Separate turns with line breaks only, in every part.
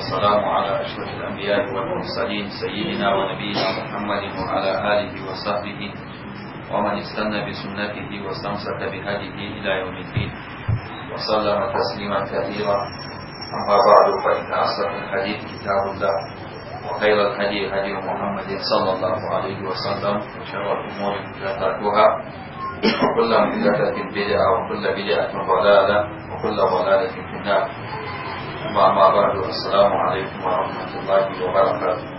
والسلام على أشرف الأنبياء والمرسلين سيدنا ونبينا محمد وعلى آله وصحبه ومن استنى بسنته واستمسك بهديه إلى يوم الدين وسلم تسليما كثيرا أما بعد فإن أصدق الحديث كتاب الله وخير الحديث هدي محمد صلى الله عليه وسلم وشر الأمور محدثاتها وكل محدثة بدعة وكل بدعة ضلالة وكل ضلالة في النار ثم أما بعد alaikum wa ورحمة الله وبركاته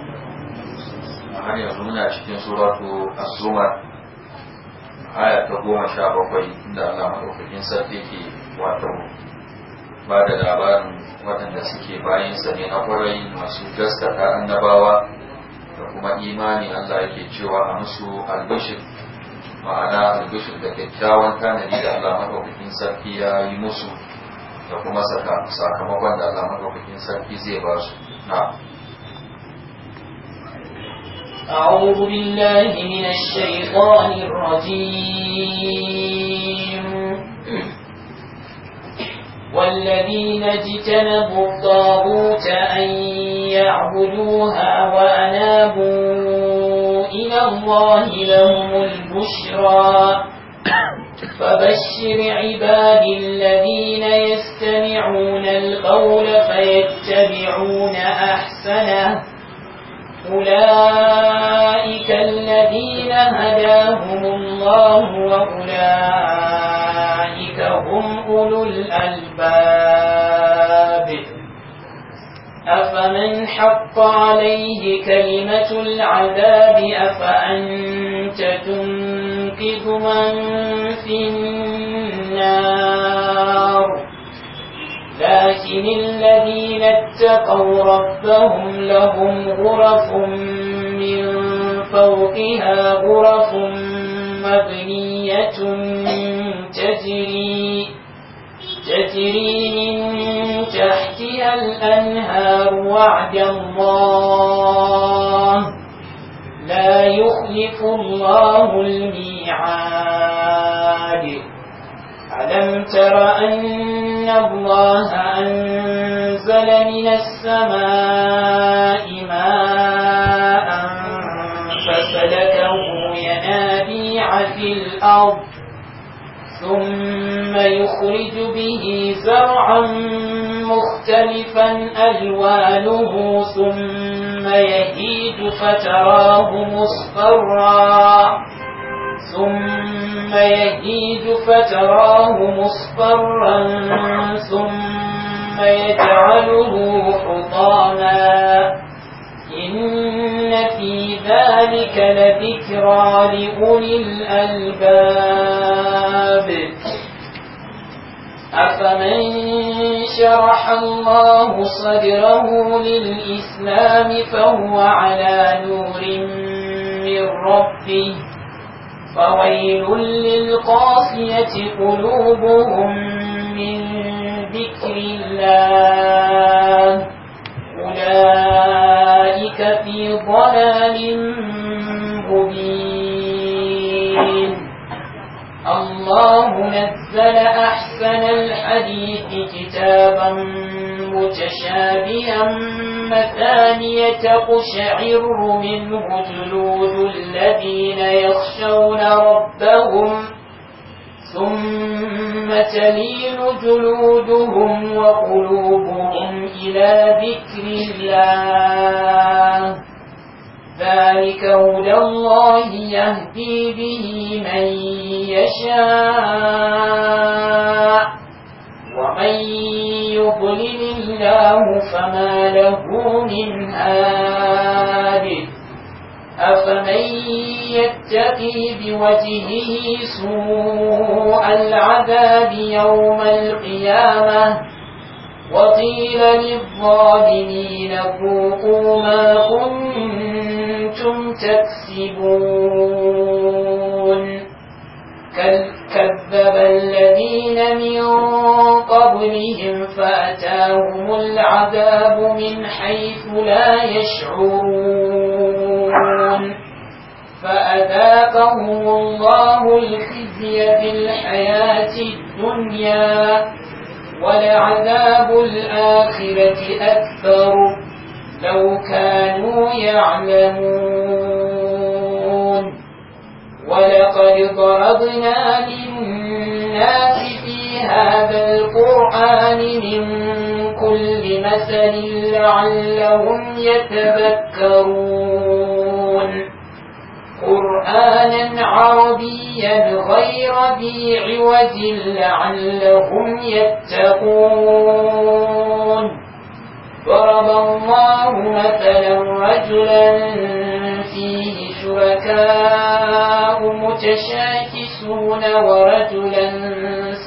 A yanzu muna cikin suratu az A aya ta goma sha bakwai inda Allah maɗaukakin sarki ke wato ba da labarin waɗanda suke bayan ne na kwarai masu gaskata annabawa da kuma imani Allah yake cewa a musu albishir ma'ana albishir da kyakkyawan tanadi da Allah maɗaukakin sarki ya yi musu da kuma sakamakon da Allah madaukakin sarki zai ba su na أعوذ بالله من
الشيطان الرجيم والذين اجتنبوا الطاغوت أن يعبدوها وأنابوا إلى الله لهم البشرى فبشر عباد الذين يستمعون القول فيتبعون أحسنه أولئك الذين هداهم الله وأولئك هم أولو الألباب أفمن حق عليه كلمة العذاب أفأنت تنظر يوقد من في النار لكن الذين اتقوا ربهم لهم غرف من فوقها غرف مبنية تجري تجري من تحتها الأنهار وعد الله لا يخلف الله الميعاد ألم تر أن الله أنزل من السماء ماء فسلكه ينابيع في الأرض ثم يخرج به زرعا مختلفا ألوانه ثم يهيد فتراه مصفرا ثم يهيد فتراه مصفرا ثم يجعله حطاما إن في ذلك لذكرى لأولي الألباب أفمن شرح الله صدره للإسلام فهو على نور من ربه فويل للقاسية قلوبهم من ذكر الله أولئك أولئك في ضلال مبين الله نزل أحسن الحديث كتابا متشابها مثانية قشعر منه جلود الذين يخشون ربهم تلين جلودهم وقلوبهم إلى ذكر الله ذلك هدى الله يهدي به من يشاء ومن يضلل الله فما له من هادٍ أفمن يتقي بوجهه سوء العذاب يوم القيامة وقيل للظالمين فوقوا ما كنتم تكسبون كذب الذين من قبلهم فأتاهم العذاب من حيث لا يشعرون فرعون فأذاقهم الله الخزي في الحياة الدنيا ولعذاب الآخرة أكبر لو كانوا يعلمون ولقد ضربنا للناس في هذا القرآن من كل مثل لعلهم يتذكرون قرآنا عربيا غير ذي عوج لعلهم يتقون ضرب الله مثلا رجلا فيه شركاء متشاكسون ورجلا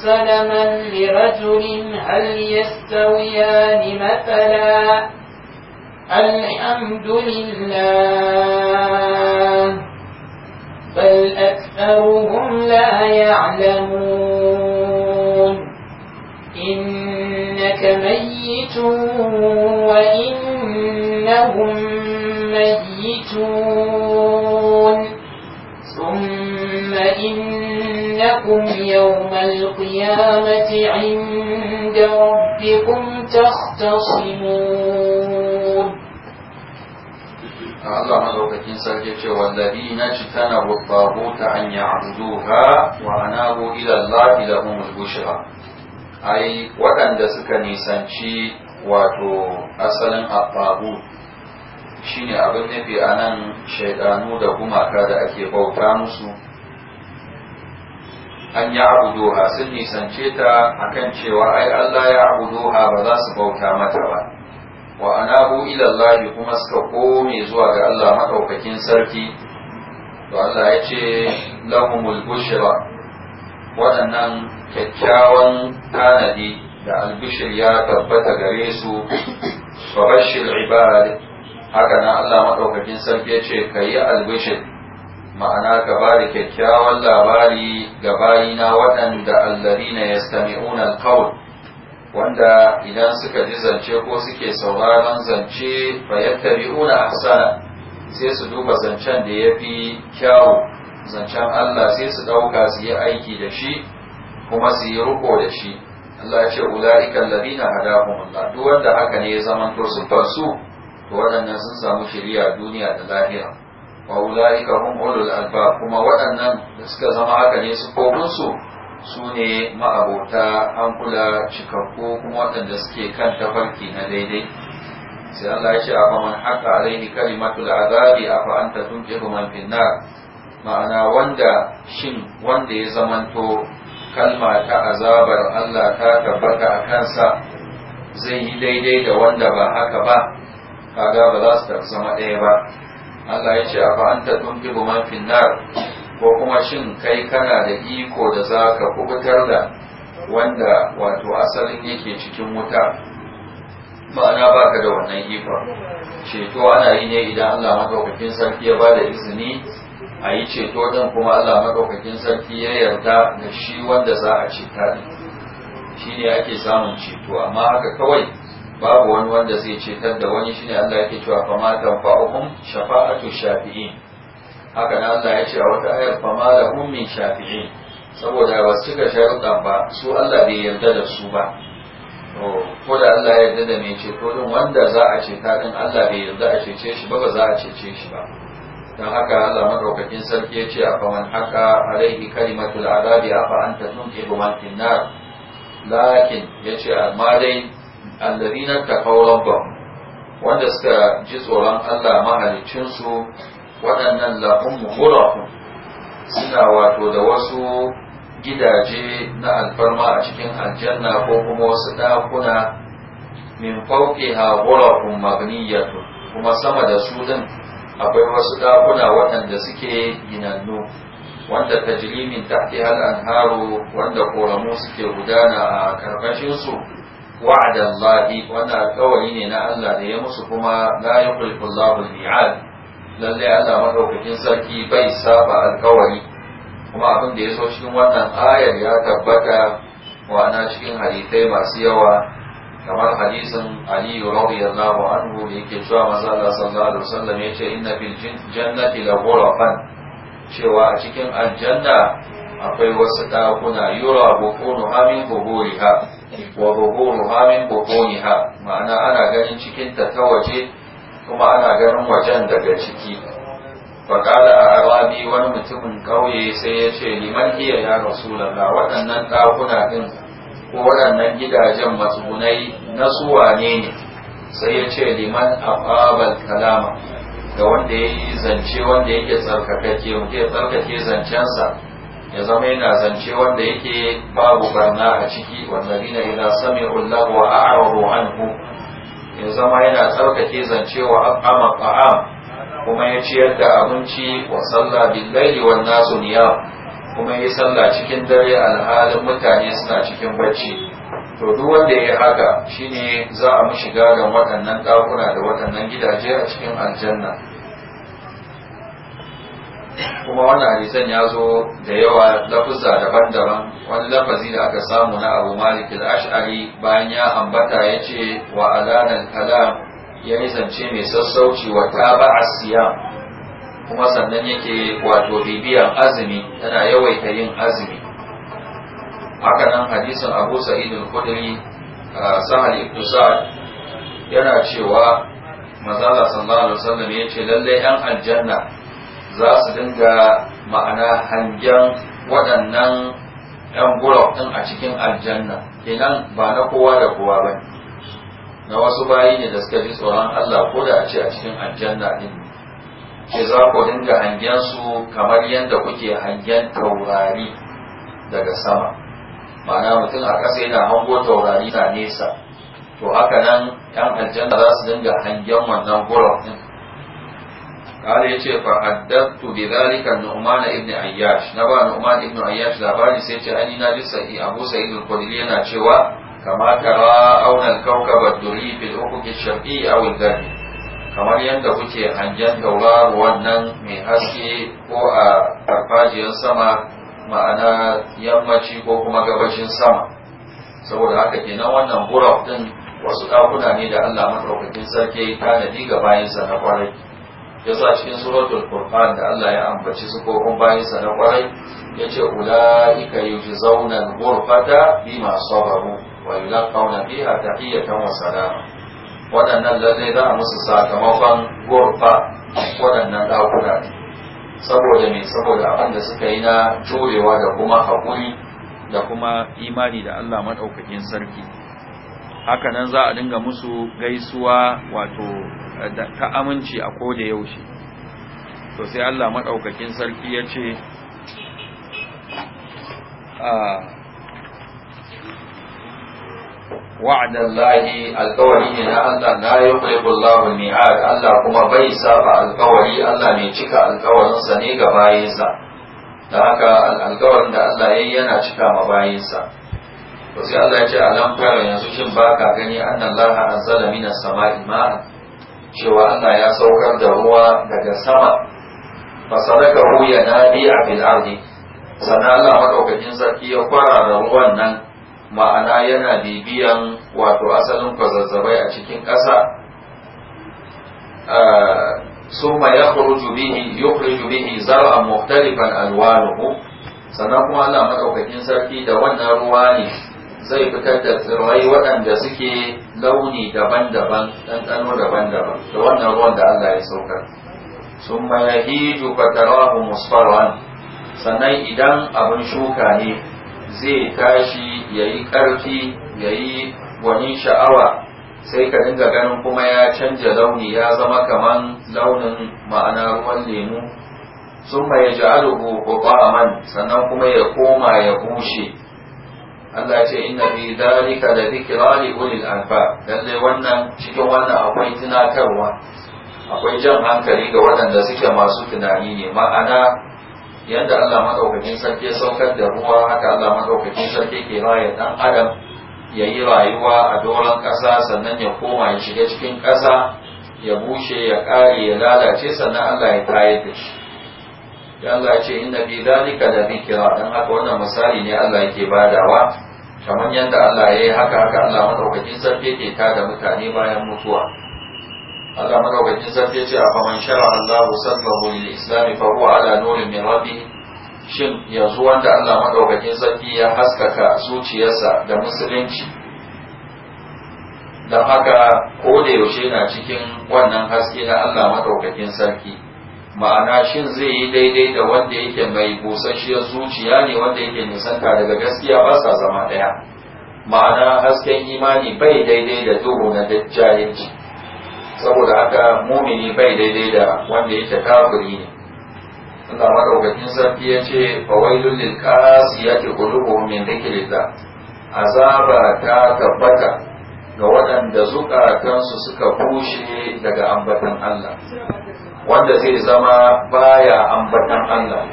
سلما لرجل هل يستويان مثلا الحمد لله بل أكثرهم لا يعلمون إنك ميت وإنهم ميتون ثم إنكم يوم القيامة عند ربكم تختصمون da Allah
madaukakin sarki ce wallabi na cikana wabbahu ta an ya'buduha wa go ila Allah lahumul bushra ai waɗanda suka nisanci wato asalin abbabu shine abin nufi a nan shaidanu da gumaka da ake bauta musu an ya sun nisance ta akan cewa ai Allah ya abudoha ba za su bauta mata ba wa anabu ila Allah kuma suka kome zuwa ga Allah maɗaukakin sarki to Allah ya ce lahumul bushra waɗannan kyakkyawan tanadi da albishir ya tabbata gare su fa bashir ibad haka nan Allah maɗaukakin sarki ya ce kayi albishir ma'ana ka ba da kyakkyawan labari ga bayina waɗanda allazina yastami'una alqawl wanda idan suka ji zance ko suke sauraron zance fayattabi'una ahsana sai su duba zancen da ya fi kyawu zancen Allah sai su ɗauka su yi aiki da shi kuma su yi riko da shi Allah ya ce ula'ikan labina Allah duk wanda haka ne ya zaman to su to waɗannan sun samu shiriya duniya da lahira wa ula'ika hum ulul albab kuma waɗannan da suka zama haka ne su su ne ma'abota hankula cikakku kuma waɗanda suke kan tafarki na daidai sai Allah ya ce a fa man haka alaihi kalimatul azabi a fa anta tunqiru man finnar ma'ana wanda shin wanda ya zamanto kalma ta azabar Allah ta tabbata a kansa zai yi daidai da wanda ba haka ba kaga ba za su zama ɗaya ba Allah ya ce a fa anta man finnar ko kuma shin kai kana da iko da za ka kubutar da wanda wato asalin yake cikin wuta ma'ana ba ka da wannan ikon ceto ana yi ne idan allah maɗaukakin sarki ya ba da izini a yi ceto don kuma allah maɗaukakin sarki ya yarda da shi wanda za a ceta shi ne ake samun ceto amma haka kawai babu wani wanda zai cetar da wani shine allah yake cewa famatan fa'ukum shafa'atu shafi'in haka na Allah ya ce a wata ayar fama ma lahum shafi'i saboda ba su cika sharuɗan ba su Allah bai yarda da su ba ko da Allah ya yarda da mai ko din wanda za a ce ta din Allah bai yarda a cece shi ba ba za a cece shi ba don haka Allah madaukakin sarki ya ce a faman haka alaihi kalimatul adabi a fa anta tunqidu man finnar lakin yace amma dai alladhina taqaw rabbahum wanda suka ji tsoron Allah mahalicin su waɗannan lahum ghurafun suna wato da wasu gidaje na alfarma a cikin aljanna ko kuma wasu ɗakuna min ha ghurafun magniyatu kuma sama da su din akwai wasu ɗakuna waɗanda suke ginannu wanda tajlimin tahti hal anharu wanda koramu suke gudana a karkashin su zaɗi wannan alkawari ne na Allah da ya musu kuma la yukhlifu Allahu zaɓin ni'ad lallai samun madaukakin sarki bai saba alkawari kuma abin da ya so cikin wannan ayar ya tabbata ana cikin hadisai masu yawa kamar hadisin Ali radiyallahu anhu da yake cewa manzo Allah sallallahu alaihi wasallam ya ce inna fil jannati la ghurafan cewa a cikin aljanna akwai wasu dakuna yura bukunu hamin buhuriha wa ma'ana ana ganin cikin ta ta waje kuma ana ganin wajen daga ciki faƙala a arabi wani mutumin ƙauye sai ya ce liman hiya ya rasulallah waɗannan ɗakuna ɗin ko waɗannan gidajen matsugunai na suwa ne ne sai ya ce liman afabal kalama ga wanda ya yi zance wanda yake tsarkakake wanda ya tsarkake zancensa ya zama yana zance wanda yake babu barna a ciki wanda rina ila sami'ullahu wa a'rabu anhu ya zama yana tsarkake zancewa af'ama fa'am kuma ya ciyar da abinci wa sallah billahi wan nasu niyam kuma ya sallah cikin dare alhalin mutane suna cikin bacci to duk wanda ya haka shine za a mishi gagan waɗannan ɗakuna da waɗannan gidaje a cikin aljanna kuma wannan hadisan ya zo da yawa lafuzza daban wani lafazi da aka samu na abu malik al-ash'ari bayan ya ambata ya ce wa alanan kalam ya yi zance mai sassauci wa taba asiyam kuma sannan yake wato bibiyan azumi tana yawaita yin azumi haka nan hadisin abu sa'id al-khudri sahal ibn sa'd yana cewa manzala sallallahu alaihi wasallam yace lalle lallai yan aljanna za su dinga ma'ana hangen waɗannan yan gura din a cikin aljanna kenan ba na kowa da kowa ba na wasu bayi ne da suka ji tsoron Allah ko da a ce a cikin aljanna din ke za ku dinga hangen su kamar yadda kuke hangen taurari daga sama ma'ana mutum a ƙasa yana hango taurari na nesa to haka nan yan aljanna za su dinga hangen wannan gura din قال يجي فحدثت بذلك النعمان ابن عياش نبا نعمان ابن عياش لاباني سيجي أني نجس أبو سعيد الخدري أنا شوى كما ترى أون الكوكب الدري في الأفق الشرقي أو الغربي kamar yadda kuke hangen tauraruwan nan mai haske ko a farfajiyar sama ma'ana yammaci ko kuma gabashin sama saboda haka kenan wannan buraf din wasu ɗakuna ne da allah maɗaukakin sarki tanadi ga bayansa na kwarai yasa cikin suratul furqan da Allah ya ambaci su ko bayinsa na kwarai yace ulaika yujzauna al-ghurfata bima sabaru wa yulqauna fiha tahiyatan wa salama waɗannan lalle za a musu sakamakon gurfa waɗannan ɗakuna saboda me saboda abin da suka yi na jurewa da kuma haƙuri da kuma imani da Allah maɗaukakin sarki haka nan za a dinga musu gaisuwa wato eh, ta aminci a koda yaushe to sai Allah madaukakin sarki ya ce ah, wa'adan lahi alkawari ne na Allah na yukhliqu Allahu mi'ad Allah kuma bai saba alkawari Allah mai cika alkawarinsa ne ga bayinsa da haka alkawarin da Allah yayi yana cika ma bayinsa to sai Allah ya ce alam fara yanzu shin ba ka gani annallaha azzala minas sama'i ma. cewa Allah ya saukar da ruwa daga sama fasadaka hu ya nadi a fil ardi sannan Allah madaukakin sarki ya fara da ruwan nan ma'ana yana bibiyan wato asalin kwazazzabai a cikin ƙasa ya ah, yakhruju bihi yukhriju bihi zar'an mukhtalifan alwanuhu sannan kuma Allah madaukakin sarki da wannan ruwa ne zai fitar da tsirrai waɗanda suke launi daban-daban ɗanɗano daban-daban da wannan ruwan da Allah ya saukar sun mayahiju fatarahu musfarwan sannan idan abin shuka ne zai tashi ya yi ƙarfi ya yi gwanin sha'awa sai ka dinga ganin kuma ya canja launi ya zama kaman launin ma'ana ruwan lemu sun mai ja'aluhu sannan kuma ya koma ya bushe Allah ce inna fi dalika la zikra li ulil albab lalle wannan cikin wannan akwai tunatarwa akwai jan hankali ga waɗanda suke masu tunani ne ma'ana yadda Allah madaukakin sarki saukar da ruwa haka Allah madaukakin sarki ke raya dan adam ya yi rayuwa a doron ƙasa sannan ya koma ya shiga cikin ƙasa ya bushe ya ƙare ya lalace sannan Allah ya tayar da shi ya Allah ce inna bi zalika la dhikra dan haka wannan misali ne Allah yake badawa kamar yadda Allah ya yi haka haka Allah madaukakin sarki ke tada mutane bayan mutuwa Allah madaukakin sarki ce a faman shara Allah sallahu lil islam fa huwa ala nurin min rabbi shin yanzu wanda Allah madaukakin sarki ya haskaka zuciyarsa da musulunci don haka ko da yaushe na cikin wannan haske na Allah madaukakin sarki ma'ana shin zai yi daidai da wanda yake mai busasshiyar zuciya ne wanda yake nisanta daga gaskiya ba sa zama ɗaya ma'ana hasken imani bai daidai da duhu na dajjalinci saboda haka mumini bai daidai da wanda yake kafiri ne Allah madaukakin sarki ya ce fawailul lil qasiyati qulubuhum min dhikrillah azaba ta tabbata ga waɗanda zukatansu suka bushe daga ambatan Allah wanda zai zama baya ambatan Allah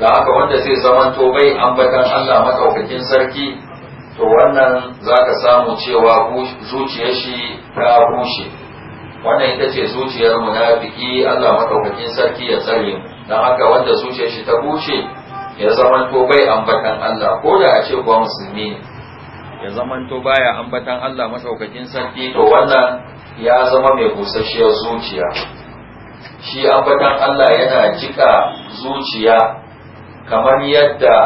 da haka wanda zai zama to bai ambatan Allah makaukakin sarki to wannan za ka samu cewa zuciyar shi ta bushe wannan ita ce zuciyar munafiki Allah makaukakin sarki ya tsare mu don haka wanda zuciyar shi ta bushe ya zama to bai ambatan Allah ko da a ce kuwa musulmi ne ya zamanto baya ambatan Allah masaukakin sarki to wannan ya zama mai busasshiyar zuciya shi ambatan Allah yana jika zuciya kamar yadda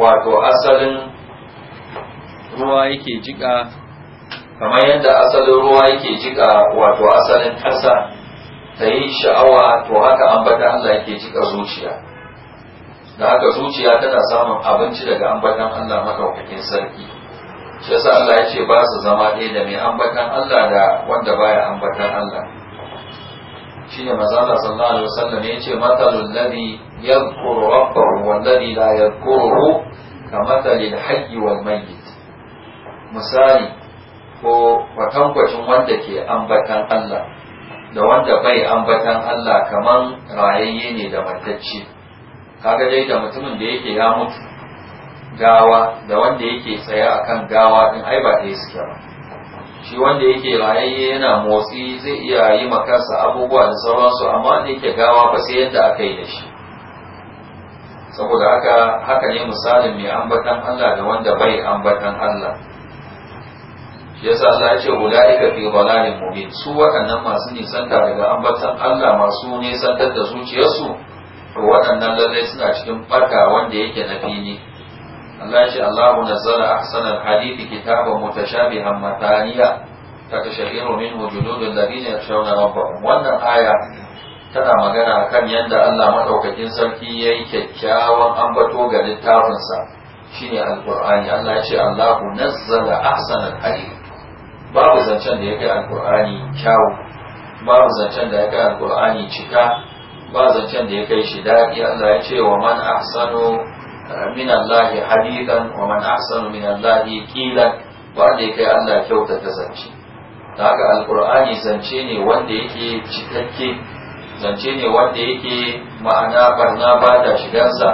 wato asalin ruwa yake jika kamar yadda asalin ruwa yake jika wato asalin ƙasa
ta yi sha'awa to haka ambatan Allah yake jika zuciya
da haka zuciya tana samun abinci daga ambatan Allah maɗaukakin sarki shi yasa Allah ya ce ba su zama ɗaya da mai ambatan Allah da wanda baya ambatan Allah Shi shine manzala sallallahu alaihi wasallam ya ce matalul ladhi yadhkuru rabbahu wal ladhi la yadhkuruhu kamatalil hayy wal mayyit misali ko kwatankwacin wanda ke ambatan Allah da wanda bai ambatan Allah kaman rayayye ne da matacce kaga dai da mutumin da yake ya mutu gawa da wanda yake tsaye kan gawa din ai ba ɗaya suke ba shi wanda yake rayayye yana motsi zai iya yi makarsa abubuwa da sauransu amma wanda yake gawa ba sai yadda aka yi da shi saboda haka haka ne misalin mai ambatan Allah da wanda bai ambatan Allah yasa Allah ya ce guda ika fi balalin mubin su waɗannan masu nisanta daga ambatan Allah masu nisantar da zuciyarsu to waɗannan lallai suna cikin bata wanda yake na fili Allah ce Allahu nazzala ahsanal hadithi kitaban mutashabihan mataniya takashahiru minhu juludul ladina yakhshawna rabbahum wannan aya tana magana kan yadda Allah madaukakin sarki yayi kyakkyawan ambato ga littafinsa shine alqur'ani Allah ya ce Allahu nazzala ahsanal hadith babu zancen da ya kai alqur'ani kyawu babu zancen da ya kai alqur'ani cika ba zancen da ya kai shi daɗi Allah ya ce wa man ahsanu min Allah hadidan wa man ahsanu min Allah qilan wanda yake Allah kyautata zance da haka alqur'ani zance ne wanda yake cikakke zance ne wanda yake ma'ana barna ba ta shigansa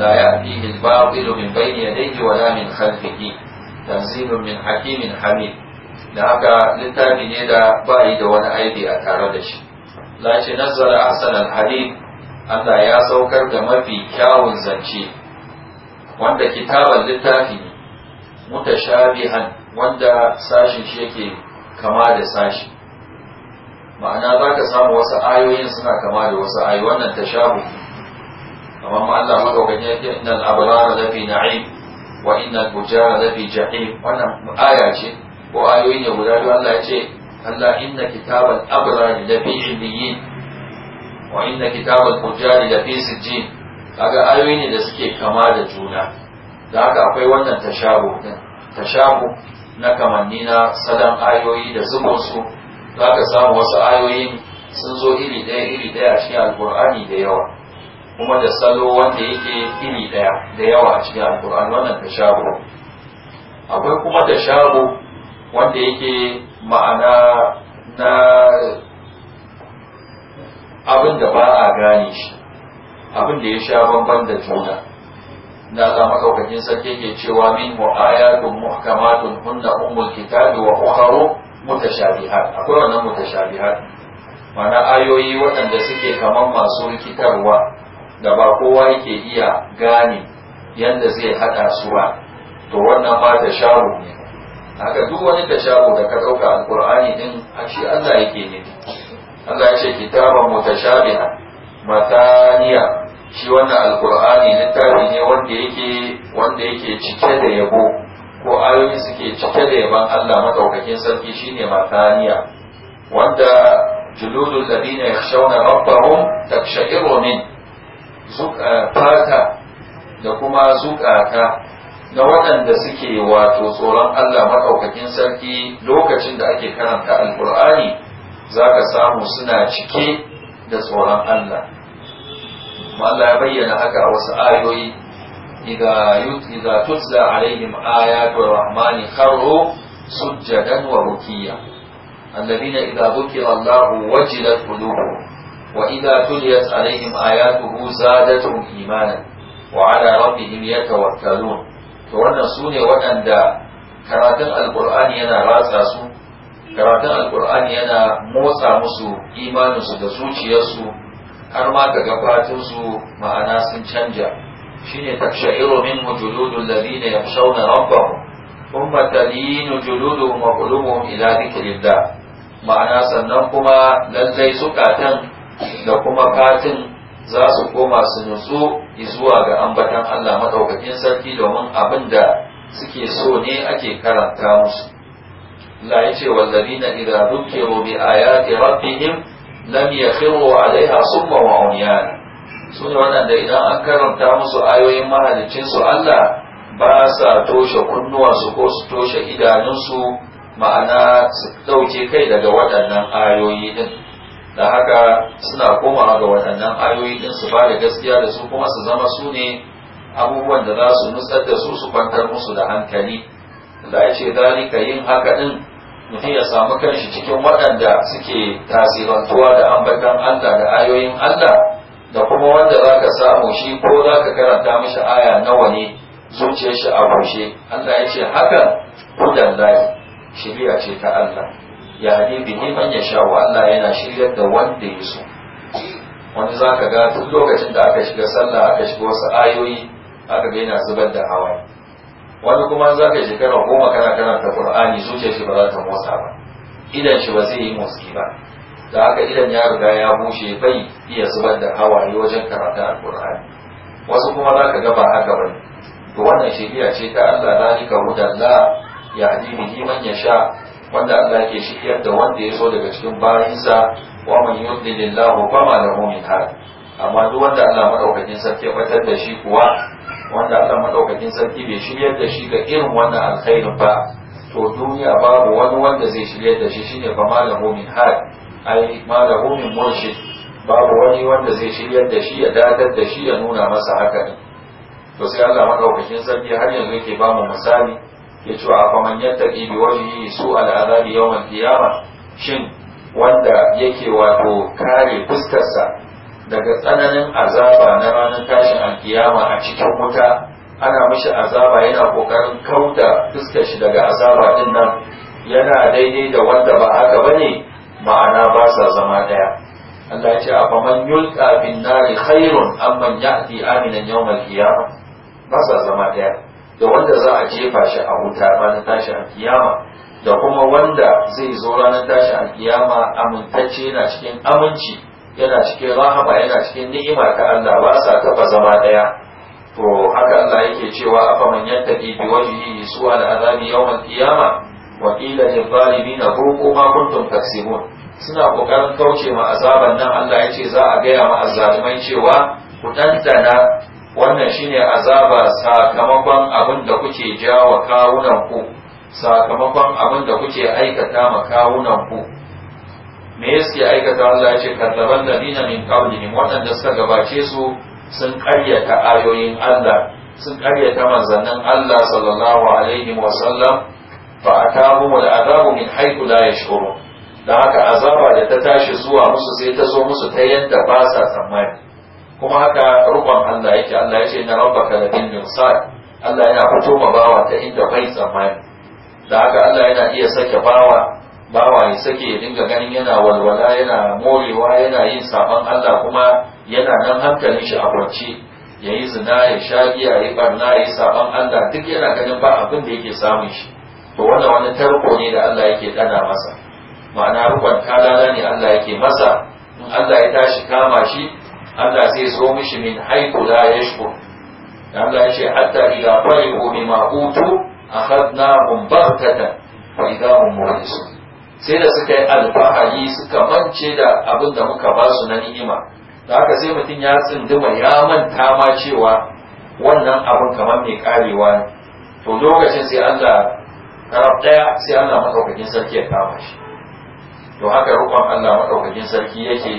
la ya'tihi al-batil min bayni yadayhi wa la min khalfihi tanzilun min hakimin hamid da haka littafi ne da bayi da wani aibi a tare da shi la ce nazzara ahsan al Allah ya saukar da mafi kyawun zance wanda kitabar littafi ne mutashabihan wanda sashin shi yake kama da sashi ma'ana za ka samu wasu ayoyin suna kama da wasu ayoyi wannan ta tashabu kamar ma Allah madaukaki yake innal abrara lafi na'im wa innal fujara lafi jahim wannan aya ce ko ayoyi ne guda biyu Allah ya ce Allah inna kitabal abrari lafi illiyin wa inna kitabal fujari lafi sijjin kaga ayoyi ne da suke kama da juna da haka akwai wannan tashabu din tashabu na kamanni na sadan ayoyi da zubinsu za ka samu wasu ayoyin sun zo iri ɗaya iri ɗaya a cikin alkur'ani da yawa kuma da salo wanda yake iri ɗaya da yawa a cikin alkur'ani wannan tashabu akwai kuma tashabu wanda yake ma'ana na abin da ba a gane shi abin da ya sha bamban da juna na Allah madaukakin sarki ke cewa min wa ayatun muhkamatun hunna ummul kitabi wa ukharu mutashabihat akwai wannan mutashabihat mana ayoyi waɗanda suke kaman masu rikitarwa da ba kowa yake iya gane yadda zai haɗa su ba to wannan ba ta shawo ne haka duk wani ta shawo da ka ɗauka alƙur'ani din a shi Allah yake ne Allah ya ce kitabun mutashabihat mataniya shi wannan alkur'ani littafi ne wanda yake wanda yake cike da yabo ko ayoyin suke cike da yaban Allah madaukakin sarki shine mataniya wanda juludul ladina yakhshawna rabbahum taksha'iru min eh, fata da kuma zukata na waɗanda suke wato tsoron Allah maɗaukakin sarki lokacin da ake karanta alkur'ani za ka samu suna cike da tsoron Allah. Allah ya bayyana haka a wasu ayoyi, iga tutsa alaihim ayatul rahmani kharu sujjadan wa rukiya. Annabi na iga bukir Allah wajilat kuluhu, wa iga tuliyat alaihim ayatuhu zadatun imanan, wa ala rabbihim ya tawakkalun. To wannan su ne waɗanda karatun Al-Qur'ani yana ratsa su karatun alkur'ani yana motsa musu imaninsu da zuciyarsu har ma ga gabatinsu ma'ana sun canja shine takshairu min juludul ladina yakhshawna rabbahum thumma talinu juluduhum wa qulubuhum ila dhikrillah ma'ana sannan kuma lallai sukatan da kuma katin za su koma su nutsu zuwa ga ambatan Allah madaukakin sarki domin abin da suke so ne ake karanta musu la yace wallazina idza dhukiru bi ayati rabbihim lam yakhiru alaiha summa wa umyan su ne waɗanda idan an karanta musu ayoyin mahaliccinsu Allah ba sa toshe kunnuwansu ko su toshe idanunsu ma'ana su ɗauke kai daga waɗannan ayoyi ɗin da haka suna komawa ga waɗannan ayoyi ɗin su ba gaskiya da su kuma su zama su ne abubuwan da za su nutsar da su su kwantar musu da hankali da ya ce zalika yin haka ɗin mutum ya samu kanshi cikin waɗanda suke tasirantuwa da ambatan Allah da ayoyin Allah da kuma wanda za ka samu shi ko za ka karanta mishi aya nawa ne zuciyar shi a bushe Allah ya ce hakan hudan layi Shirya ce ta Allah ya haɗe bi man ya sha Allah yana shiryar da wanda ya so wani za ka ga tun lokacin da aka shiga sallah aka shiga wasu ayoyi aka ga yana zubar da hawaye wani kuma za ka kana goma kana karanta qur'ani zuciyar shi ba za ta motsa ba idan shi ba zai yi motsi ba da haka idan ya riga ya bushe bai iya zubar da hawaye wajen karatun alqur'ani wasu kuma za ka ga ba haka ba to wannan shari'a ce ta Allah zalika la ya bihi man sha. wanda Allah ke shiryar da wanda ya so daga cikin bayinsa wa man yudlilillahu fama lahu min hadi amma duk wanda Allah madaukakin sarki ya batar da shi kuwa wanda Allah madaukakin sarki bai shiryar da shi ga irin wannan alkhairin ba to duniya babu wani wanda zai shiryar da shi shine ba malahu min had ai malahu min murshid babu wani wanda zai shiryar da shi ya dadar da shi ya nuna masa haka ne to sai Allah madaukakin sarki har yanzu yake ba mu misali ya ce a faman yattaqi bi wajhihi su al'adabi yawan al shin wanda yake wato kare fuskarsa daga tsananin azaba na ranar tashin alkiyama a cikin wuta ana mishi azaba yana kokarin kauda fuskar shi daga azaba din nan yana daidai da wanda ba haka ne? ma'ana ba sa zama daya Allah ya ce a faman yulqa bin nari khairun amman ya'ti aminan yawmal qiyama ba sa zama daya da wanda za a jefa shi a wuta ranar tashin alkiyama da kuma wanda zai zo ranar tashin alkiyama amintacce yana cikin aminci yana cikin rahama yana cikin ni'ima ta Allah ba sa taba zama daya to haka Allah yake cewa afa man yattaqi bi wajhihi su'a al'azabi yawm al-qiyama wa qila lil zalimin ma kuntum taksibun suna kokarin kauce ma azaban nan Allah ya ce za a gaya ma azzalimai cewa ku dandana wannan shine azaba sakamakon abin da kuke jawa kawunan ku sakamakon abin da kuke aikata ma kawunan ku me ya aikata Allah ya ce kadaban ladina min qablihim waɗanda suka gabace su sun ƙaryata ayoyin Allah sun ƙaryata manzannin Allah sallallahu alaihi wa sallam fa atahu wal azabu min haythu la yashurun dan haka azaba da ta tashi zuwa musu sai ta zo musu ta yadda ba sa tsammani kuma haka rukun Allah yake Allah ya ce na rabbaka la bil Allah yana fito ma bawa ta inda bai tsammani da haka Allah yana iya sake bawa bawa ya sake ya dinga ganin yana walwala yana morewa yana yin sabon Allah kuma yana nan hankalin shi a kwance ya yi zina ya sha giya ya barna ya yi sabon Allah duk yana ganin ba abin da yake samun shi to wannan wani tarko ne da Allah yake dana masa ma'ana rukun kalala ne Allah yake masa in Allah ya tashi kama shi Allah zai zo mishi min haiku la yashkur Allah ya ce hatta idza farihu bima utu akhadnahum baghtatan wa idahum mublisun sai da suka yi alfahari suka mance da abin da muka ba su na ni'ima da haka sai mutum ya tsinduma ya manta ma cewa wannan abin kamar mai karewa ne to lokacin sai Allah karab daya sai Allah maɗaukakin sarki ya kama shi to haka rukun Allah maɗaukakin sarki yake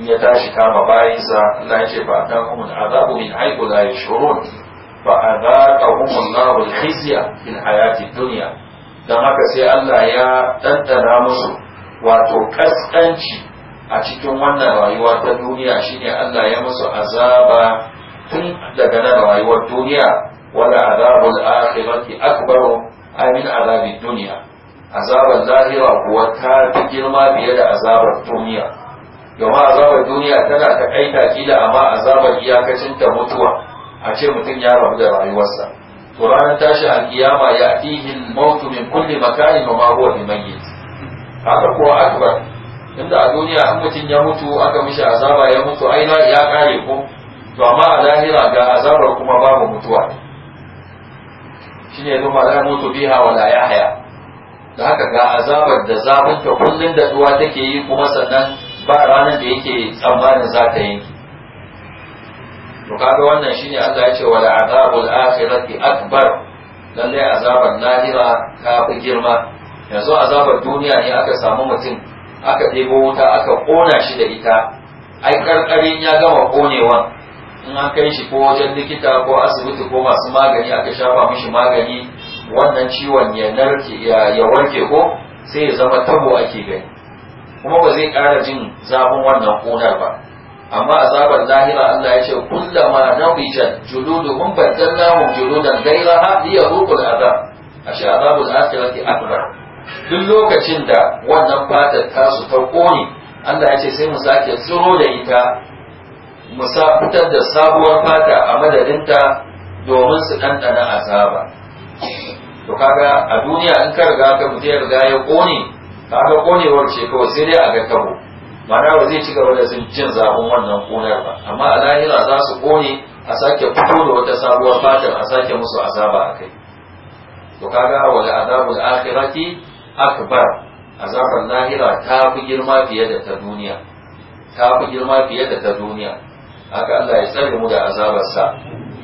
in ya tashi kama bayansa Allah ya ce ba ta kuma azabu min haiku la yashurun fa azaqahum Allahu al-khizya fil hayati duniya. don haka sai Allah ya ɗanɗana musu wato ƙasƙanci a cikin wannan rayuwa ta duniya shine Allah ya musu azaba tun daga nan rayuwar duniya wala azabul akhirati akbar amin azabid duniya azabar lahira kuwa ta girma fiye da azabar duniya domin azabar duniya tana ta kaita kila amma azabar iyakacin ta mutuwa a ce mutum ya rabu da rayuwarsa to ranar tashi alkiyama ya tihin mautu min kulli makanin wa ma huwa bi haka kuwa akbar inda a duniya an mutum ya mutu aka mishi azaba ya mutu ai ya kare ko to amma a lahira ga azabar kuma babu mutuwa shine yanzu ma la mutu biha wa la da haka ga azabar da zabunta kullun da duwa take yi kuma sannan ba ranar da yake tsammanin za ta yanki to kaga wannan shine Allah ya ce wala azabul akhirati akbar lallai azabar lahira ta girma yanzu azabar duniya ne aka samu mutum aka ɗebo wuta aka ƙona shi da ita ai ƙarƙarin ya gama ƙonewan in an kai shi ko wajen likita ko asibiti ko masu magani aka shafa mishi magani wannan ciwon ya narke ya warke ko sai ya zama tabo ake gani kuma ba zai ƙara jin zafin wannan konar ba amma a azabar lahira Allah ya ce kullama nabijat juluduhum baddalnahum juludan ghayraha liyaruqul azab ashe azabul akhirati akbar duk lokacin da wannan fatar tasu ta kone Allah ya ce sai mu sake tsiro da ita mu sa fitar da sabuwar fata a madadinta domin su ɗanɗana azaba to kaga a duniya in ka riga ka mutu ya riga ya kone kaga konewar ce kawai sai dai a ga tabo ma'ana ba zai ci gaba da jin zafin wannan ƙunar ba amma a lahira za su ƙone a sake fito da wata sabuwar fatan a sake musu azaba a kai to kaga wal azabul akhirati akbar azabar lahira ta fi girma fiye da ta duniya ta fi girma fiye da ta duniya haka Allah ya tsare mu da azabarsa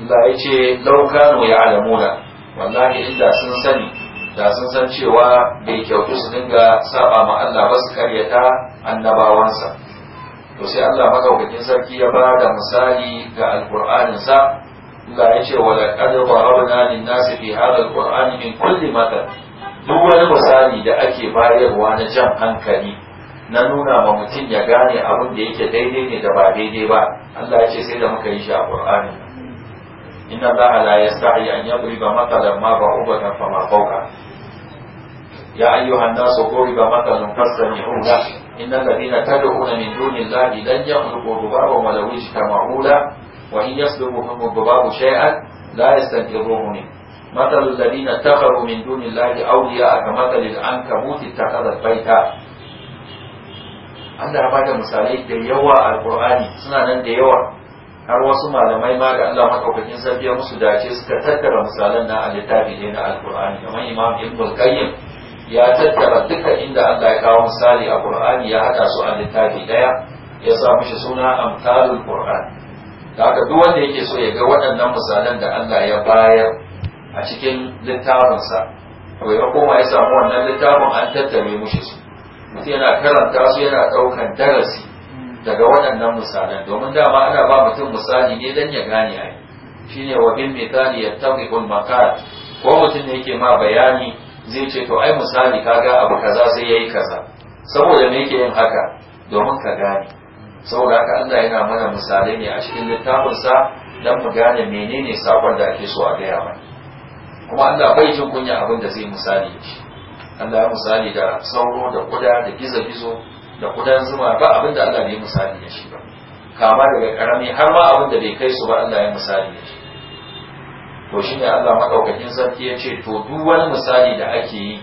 Allah ya ce law ya alamuna wallahi inda sun sani da sun san cewa bai kyautu su dinga saba ma Allah ba su karyata annabawansa to sai Allah makaukakin sarki ya ba da misali ga alkur'anin sa Allah ya ce wala qad darabna lin nasi fi hadha alqur'ani min kulli matan duk wani misali da ake bayarwa na jan hankali na nuna ma mutum ya gane abin da yake daidai ne da ba daidai ba Allah ya ce sai da muka yi shi a Qur'ani inna allaha la yastahi an yadriba matalan ma ba'ubatan fama fawqa يا أيها الناس ضرب مثل فاستمعوا له إن الذين تدعون من دون الله لن يخلقوا ذبابا ولو اجتمعوا له وإن يسلبهم الذباب شيئا لا يستنقذوه منه مثل الذين اتخذوا من دون الله أولياء كمثل العنكبوت اتخذت بيتا Allah ya bada misalai da yawa a Alƙur'ani suna nan da yawa har wasu malamai ma da Allah makaukakin sarki ya musu dace suka tattara misalan na a littafi ne na Alƙur'ani kamar Imam Ibn Qayyim ya tattara duka inda Allah ya kawo misali a Qur'ani ya haɗa su a littafi ɗaya ya sa mishi suna amtalul Qur'an Kur'ani. haka duk wanda yake so ya ga waɗannan misalan da Allah ya bayar a cikin littafinsa to ya koma ya samu wannan littafin an tattare mishi su mutum yana karanta su yana ɗaukan darasi daga waɗannan misalan domin dama ana ba mutum misali ne dan ya gane ai shine wa bin mithali yattaqul maqal ko mutum ne yake ma bayani zai ce to ai misali kaga abu kaza sai yayi kaza saboda me yake yin haka domin ka gane saboda haka Allah yana mana misalai ne a cikin littafin sa dan mu gane menene sakon da ake so a gaya mana kuma Allah bai jin kunya abin da zai misali shi Allah ya misali da sauro da kuda da gizo-gizo da kudan zuma ba abin da Allah bai misali da shi ba kama daga karami har ma abin da bai kai su ba Allah ya misali da shi to shi ne Allah maɗaukakin sarki ya ce to duk wani misali da ake yi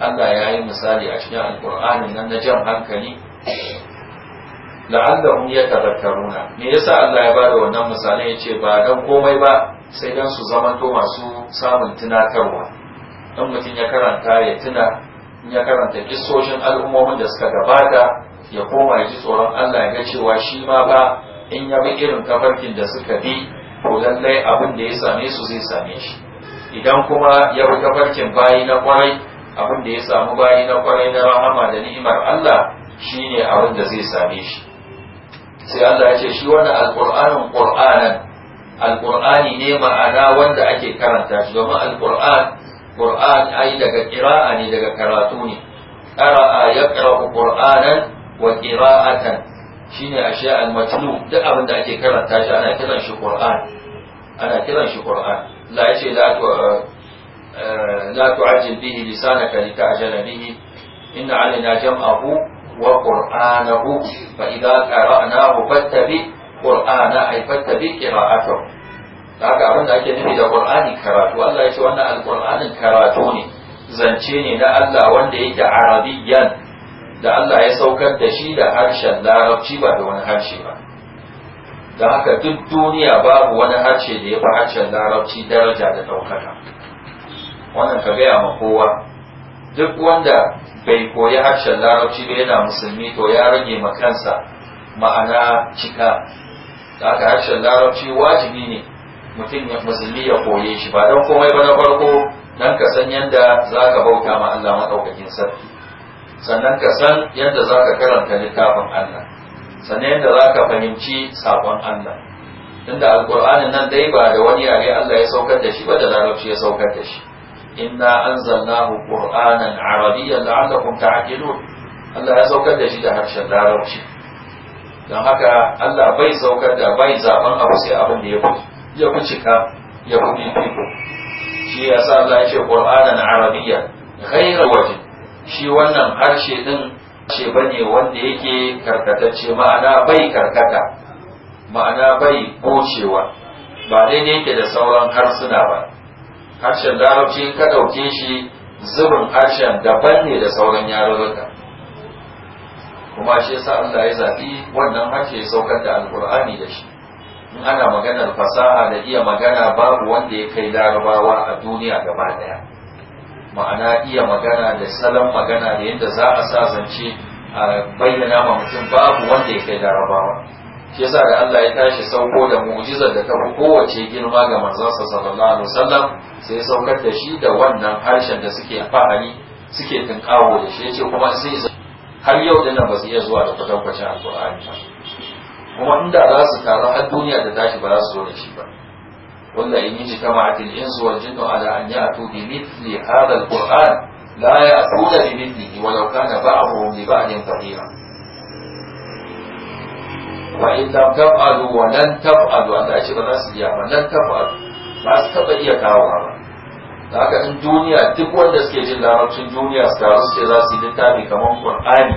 Allah ya yi misali a cikin Alƙur'ani nan na jan hankali ya yatadhakkaruna me yasa Allah ya bada wannan ya ce ba dan komai ba sai dan su zamanto masu samun tunatarwa dan mutum ya karanta ya tuna in ya karanta kissoshin al'ummomin da suka gabata ya koma ya ji tsoron Allah ya ga cewa shi ma ba in ya bi irin kafarkin da suka bi Ko lallai abin da ya same su zai same shi idan kuma ya buga barkin bayi na kwarai abin da ya samu bayi na kwarai na rahama da ni'imar Allah shine abin da zai same shi sai Allah ya ce shi wannan alqur'anin qur'anan alqur'ani ne ma'ana wanda ake karanta shi domin alqur'an qur'an ai daga qira'a ne daga karatu ne qara'a yaqra'u qur'anan wa qira'atan shine Ashiya al-matlu duk abin da ake karanta shi ana kiran shi Qur'an ana kiran shi Qur'an la yace la tu eh, la tu'ajjil bihi lisanaka lita'jala bihi inna alaina jam'ahu wa qur'anahu fa idza qara'nahu fattabi qur'ana ay fattabi qira'atahu haka abin da ake nufi da Qur'ani karatu Allah yace wannan al karatu ne zance ne na Allah wanda yake arabiyyan da Allah ya saukar da shi da harshen larabci ba da wani harshe ba da haka duk duniya babu wani harshe da ya fi harshen larabci daraja da ɗaukaka wannan ka gaya ma kowa duk wanda bai koyi harshen larabci ba yana musulmi to ya rage ma kansa ma'ana cika da haka harshen larabci wajibi ne mutum ya musulmi ya koye shi ba don komai ba na farko don ka san yadda za ka bauta ma Allah maɗaukakin sarki sannan ka san yadda za ka karanta littafin Allah sannan yadda za ka fahimci sabon Allah inda alkur'anin nan dai ba da wani yare Allah ya saukar da shi ba da larabci ya saukar da shi inna anzalnahu qur'anan arabiyyan la'allakum ta'qilun Allah ya saukar da shi da harshen larabci don haka Allah bai saukar da bai zaben abu sai abin da ya fi ya fi cika ya fi fifiko shi ya sa Allah ya ce qur'anan arabiyyan ghayra wajh shi wannan harshe din ce bane wanda yake karkatacce ma'ana bai karkata ma'ana bai bucewa. ba daidai yake da sauran harsuna ba harshen larabci ka ɗauke shi zubin harshen daban ne da sauran yarurruka kuma shi yasa Allah ya zaɓi wannan harshe ya saukar da alkur'ani da shi in ana maganar fasaha da iya magana babu wanda ya kai larabawa a duniya gaba ɗaya ma'ana iya magana da salon magana da yadda za a sa zance a bayyana ma mutum babu wanda ya kai larabawa shi yasa da Allah ya tashi sauko da mu'jizar da ta fi kowace girma ga manzansa sallallahu alaihi wasallam sai saukar da shi da wannan harshen da suke fahari suke tunkawo da shi yace kuma sai har yau nan ba su iya zuwa da kwatankwacin alqur'ani ba kuma inda za su taru har duniya da tashi ba za su zo da shi ba wanda in yi jikamatin insu wa jinnu ala an ya tu bi mithli hadha alquran la ya tu da bi mithli wa law kana ba'dhum li ba'din fadila wa in lam taf'alu wa lan taf'alu an ta'ti ba nasu ya ba lan taf'alu ba su taba iya kawo ba haka in duniya duk wanda suke jin larabcin duniya su taru suke za su yi littafi kamar qur'ani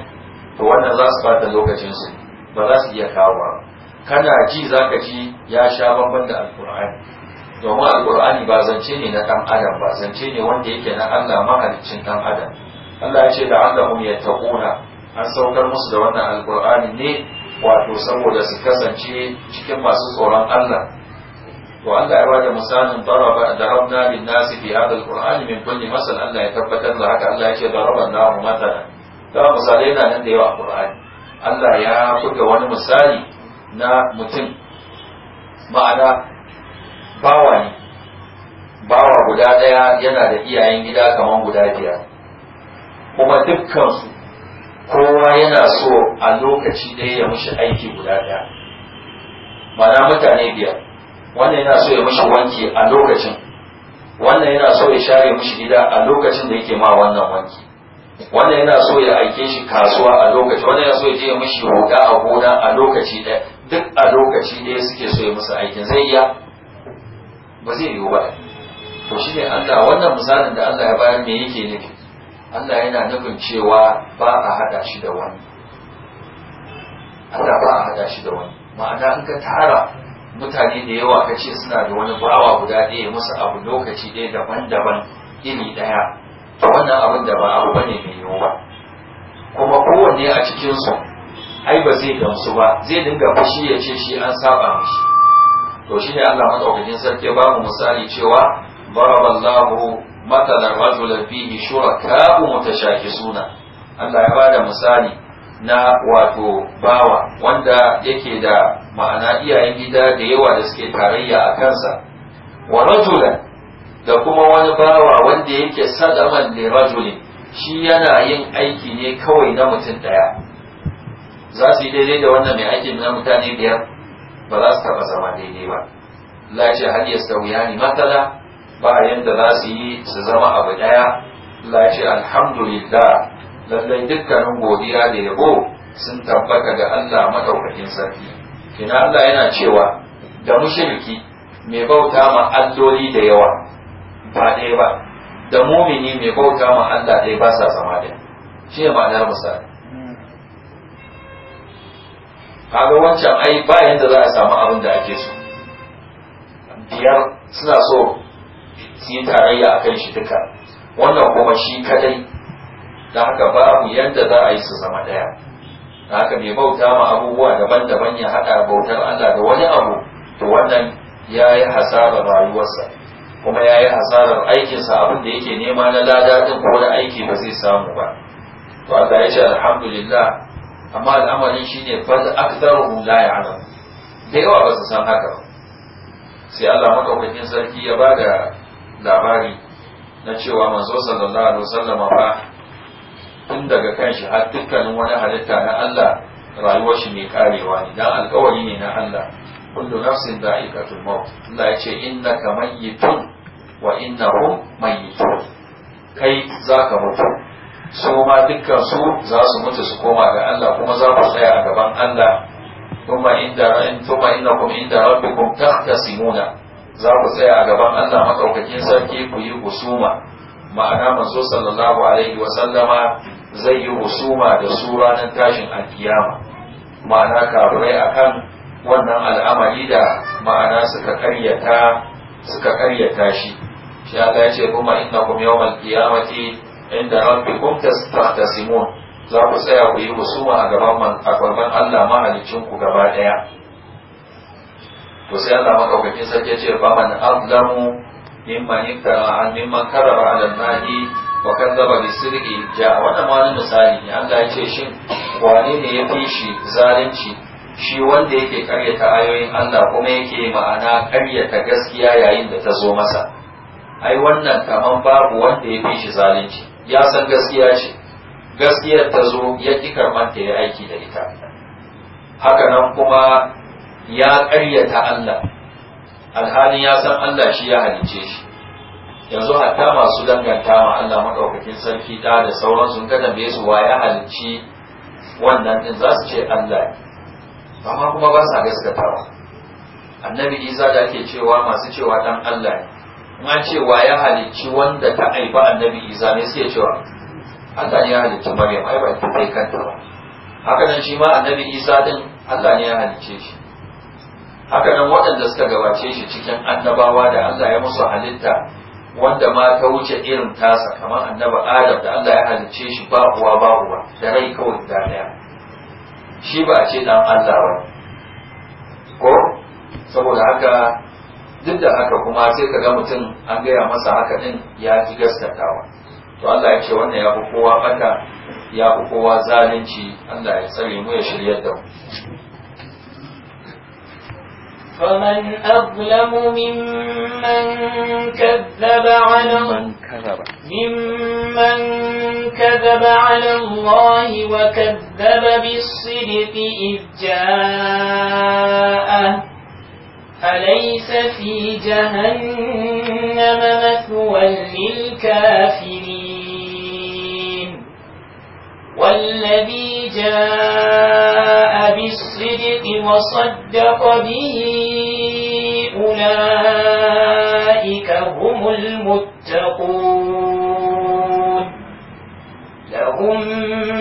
to wannan za su bata lokacin su ba za su iya kawo ba kana ji za ka ji ya sha bamban da alqur'ani domin alkur'ani ba zance ne na ɗan adam ba zance ne wanda yake na allah mahalicin ɗan adam allah ya ce da ya yattaquna an saukar musu da wannan alkur'ani ne wato saboda su kasance cikin masu tsoron allah to allah ya bada misalin daraba da rabna lin nasi fi hada alkur'ani min kulli masal allah ya tabbatar da haka allah ya ce daraba na matalan da misalai na nan da yawa Alƙur'ani. allah ya buga wani misali na mutum ma'ana bawa ne bawa guda ɗaya yana da iyayen gida kamar guda biyar kuma dukkansu kowa yana so a lokaci ɗaya ya mushi aiki guda ɗaya mana mutane biyar wannan yana so ya mushi wanki a lokacin wannan yana so ya share mushi gida a lokacin da yake ma wannan wanki wannan yana so ya aike shi kasuwa a lokaci wannan yana so ya je mishi roƙa a gona a lokaci ɗaya duk a lokaci ɗaya suke so ya musu aikin zai iya ba zai yiwu ba to shi ne Allah wannan misalin da Allah ya bayar me yake nufi Allah yana nufin cewa ba a hada shi da wani Allah ba a hada shi da wani ma'ana in ka tara mutane da yawa ka ce suna da wani bawa guda ɗaya musu abu lokaci ɗaya daban-daban iri ɗaya to wannan abin da ba abu bane mai yiwu ba kuma kowanne a cikinsu ai ba zai gamsu ba zai dinga fushi ya ce shi an saba mishi to shi ne Allah madaukakin sarki ya bamu misali cewa baraballahu matalan rajul fihi shuraka'u mutashakisuna Allah ya bada misali na wato bawa wanda yake da ma'ana iyayen gida da yawa da suke tarayya a kansa wa rajulan da kuma wani bawa wanda yake sadaman li rajulin shi yana yin aiki ne kawai na mutum daya za su yi daidai da wannan mai aikin na mutane biyar ba za su taba zama daidai ba la ce sauya yastawiyani matala ba yanda za su yi su zama abu daya la ce alhamdulillah lallai dukkanin godiya da yabo sun tabbata ga Allah madaukakin sarki kina Allah yana cewa da mushriki mai bauta ma alloli da yawa ba ɗaya ba da mumini mai bauta ma Allah ɗaya ba sa zama ɗaya shi ne ma'anar misali kaga wancan ai ba yanda za a samu abin da ake so biyar suna so su yi tarayya a kan shi duka wannan kuma shi kadai da haka babu yadda za a yi su zama ɗaya da haka mai bauta ma abubuwa daban-daban ya haɗa bautar Allah da wani abu to wannan ya yi hasarar rayuwarsa kuma ya yi hasarar aikinsa abin da yake nema na lada ɗin ko da aiki ba zai samu ba to Allah ya ce alhamdulillah amma al'amarin shine fa aktharuhum la ya'lamu da yawa ba su san haka ba sai Allah madaukakin sarki ya bada labari na cewa manzo sallallahu alaihi wasallama ba tun daga kanshi har dukkanin wani halitta na Allah rayuwar shi mai karewa ne dan alkawari ne na Allah kullu nafsin da'iqatul maut Allah ya ce innaka mayyitun wa innahum mayyitun kai zaka mutu su ma dukkan su za su mutu su koma ga Allah kuma za ku tsaya a gaban Allah kuma inda kuma inda kuma inda rabbikum tahtasimuna za ku tsaya a gaban Allah madaukakin sarki ku yi husuma ma'ana manzo sallallahu alaihi wa sallama zai yi husuma da su ranar tashin alkiyama ma'ana karurai akan wannan al'amari da ma'ana suka karyata suka karyata shi shi Allah ya ce kuma innakum yawmal qiyamati inda rabbikum tastaqsimun za ku tsaya ku yi musuma a gaban man a gaban Allah mahalicin ku gaba daya to sai Allah madaukakin sarki ce ba man azlamu mimman yaktara an mimman karaba ala nahi wa kazzaba bisirri ja wannan ma wani misali ne Allah ya ce shin wane ne ya fi shi zalunci shi wanda yake karyata ayoyin Allah kuma yake ma'ana karyata gaskiya yayin da ta zo masa ai wannan kaman babu wanda ya fi shi zalunci ya san gaskiya ce gaskiyar ta zo ya ƙi karɓanta ya aiki da ita Haka nan kuma ya ƙaryata Allah alhalin ya san Allah shi ya halice shi yanzu hatta masu danganta ma Allah maɗaukakin sarki ta da sauransu ka tambaye su ya halicci wannan din za su ce Allah amma kuma ba sa gaskatawa annabi isa da ake cewa masu cewa ɗan Allah ne ma cewa ya halicci wanda ta aiba annabi isa ne sai cewa Allah ne ya halicci maryam ai ba ta kai kanta ba haka nan shi ma annabi isa din Allah ne ya halicce shi haka nan waɗanda suka gabace shi cikin annabawa da Allah ya musu halitta wanda ma ta wuce irin tasa kamar annaba adam da Allah ya halicce shi ba uwa ba uwa da rai kawai da daya shi ba a ce dan Allah ba ko saboda haka duk da haka kuma sai ka ga mutum an gaya masa haka din ya ji gaskatawa to Allah ya ce wannan ya fi kowa bata ya fi kowa zalunci Allah ya tsare mu ya shirya da mu فمن أظلم
ممن كذب على ممن كذب على الله وكذب بالصدق إذ جاءه أليس في جهنم مثوى للكافرين والذي جاء بالصدق وصدق به أولئك هم المتقون لهم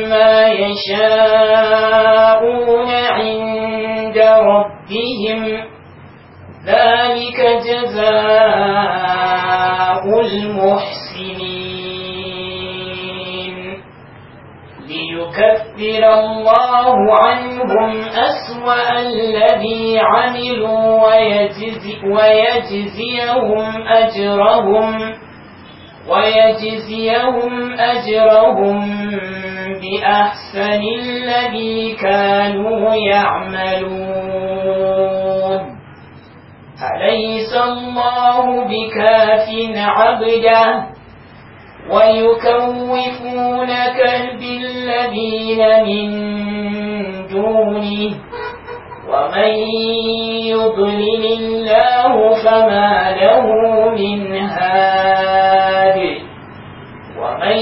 ما يشاءون عند ربهم ذلك جزاء المحسنين ليكفر الله عنهم أسوأ الذي عملوا ويجزي ويجزيهم أجرهم ويجزيهم أجرهم بأحسن الذي كانوا يعملون أليس الله بكاف عبده ويكوفونك بالذين من دونه ومن يضلل الله فما له من هاد ومن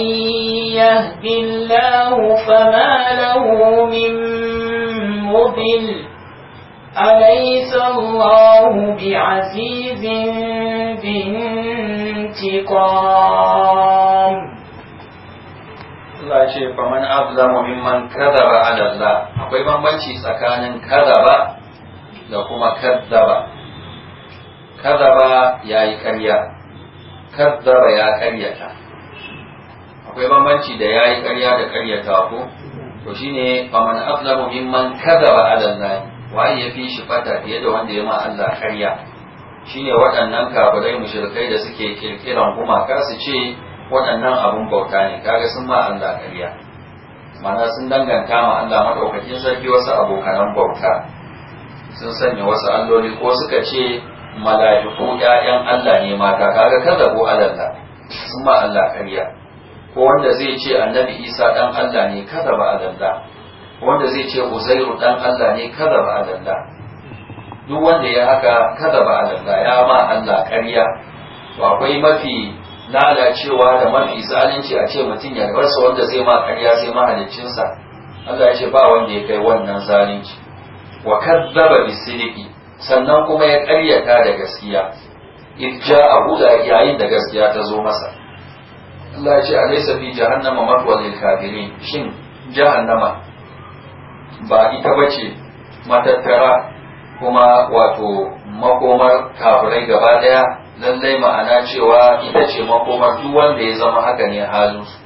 يهد الله فما له من مضل أليس الله بعزيز ذي انتقام
Allah ce fa man azlamu muhimman kadaba ala Allah akwai bambanci tsakanin kadaba da kuma kadaba kadaba yayi karya kadaba ya karyata akwai bambanci da yayi karya da karyata ko to shine fa man azlamu mimman kadaba ala Allah waye ya fi shi fata fiye da wanda ya ma Allah karya Shi ne waɗannan kafirai mushrikai da suke kirkiran gumaka su ce waɗannan abun bauta ne kaga sun ma Allah karya mana sun danganta ma Allah madaukakin sarki wasu abokanan bauta sun sanya wasu alloli ko suka ce mala'iku ƴaƴan Allah ne mata kaga ko alalla sun ma Allah karya ko wanda zai ce annabi Isa dan Allah ne kazaba alalla wanda zai ce uzairu dan Allah ne kada ba Allah duk wanda ya haka kada ba Allah ya ma Allah ƙarya to akwai mafi lalacewa da mafi zalunci a ce mutum ya bar sa wanda zai ma ƙarya sai mahaliccinsa Allah ya ce ba wanda ya kai wannan zalunci wa kadzaba bisidiki sannan kuma ya ƙaryata da gaskiya idja abu da yayin da gaskiya ta zo masa Allah ya ce alaysa fi jahannama matwal lil kafirin shin jahannama ba ita bace matattara kuma wato makomar kafirai gaba daya lallai ma'ana cewa ita ce makomar duk wanda ya zama haka ne su.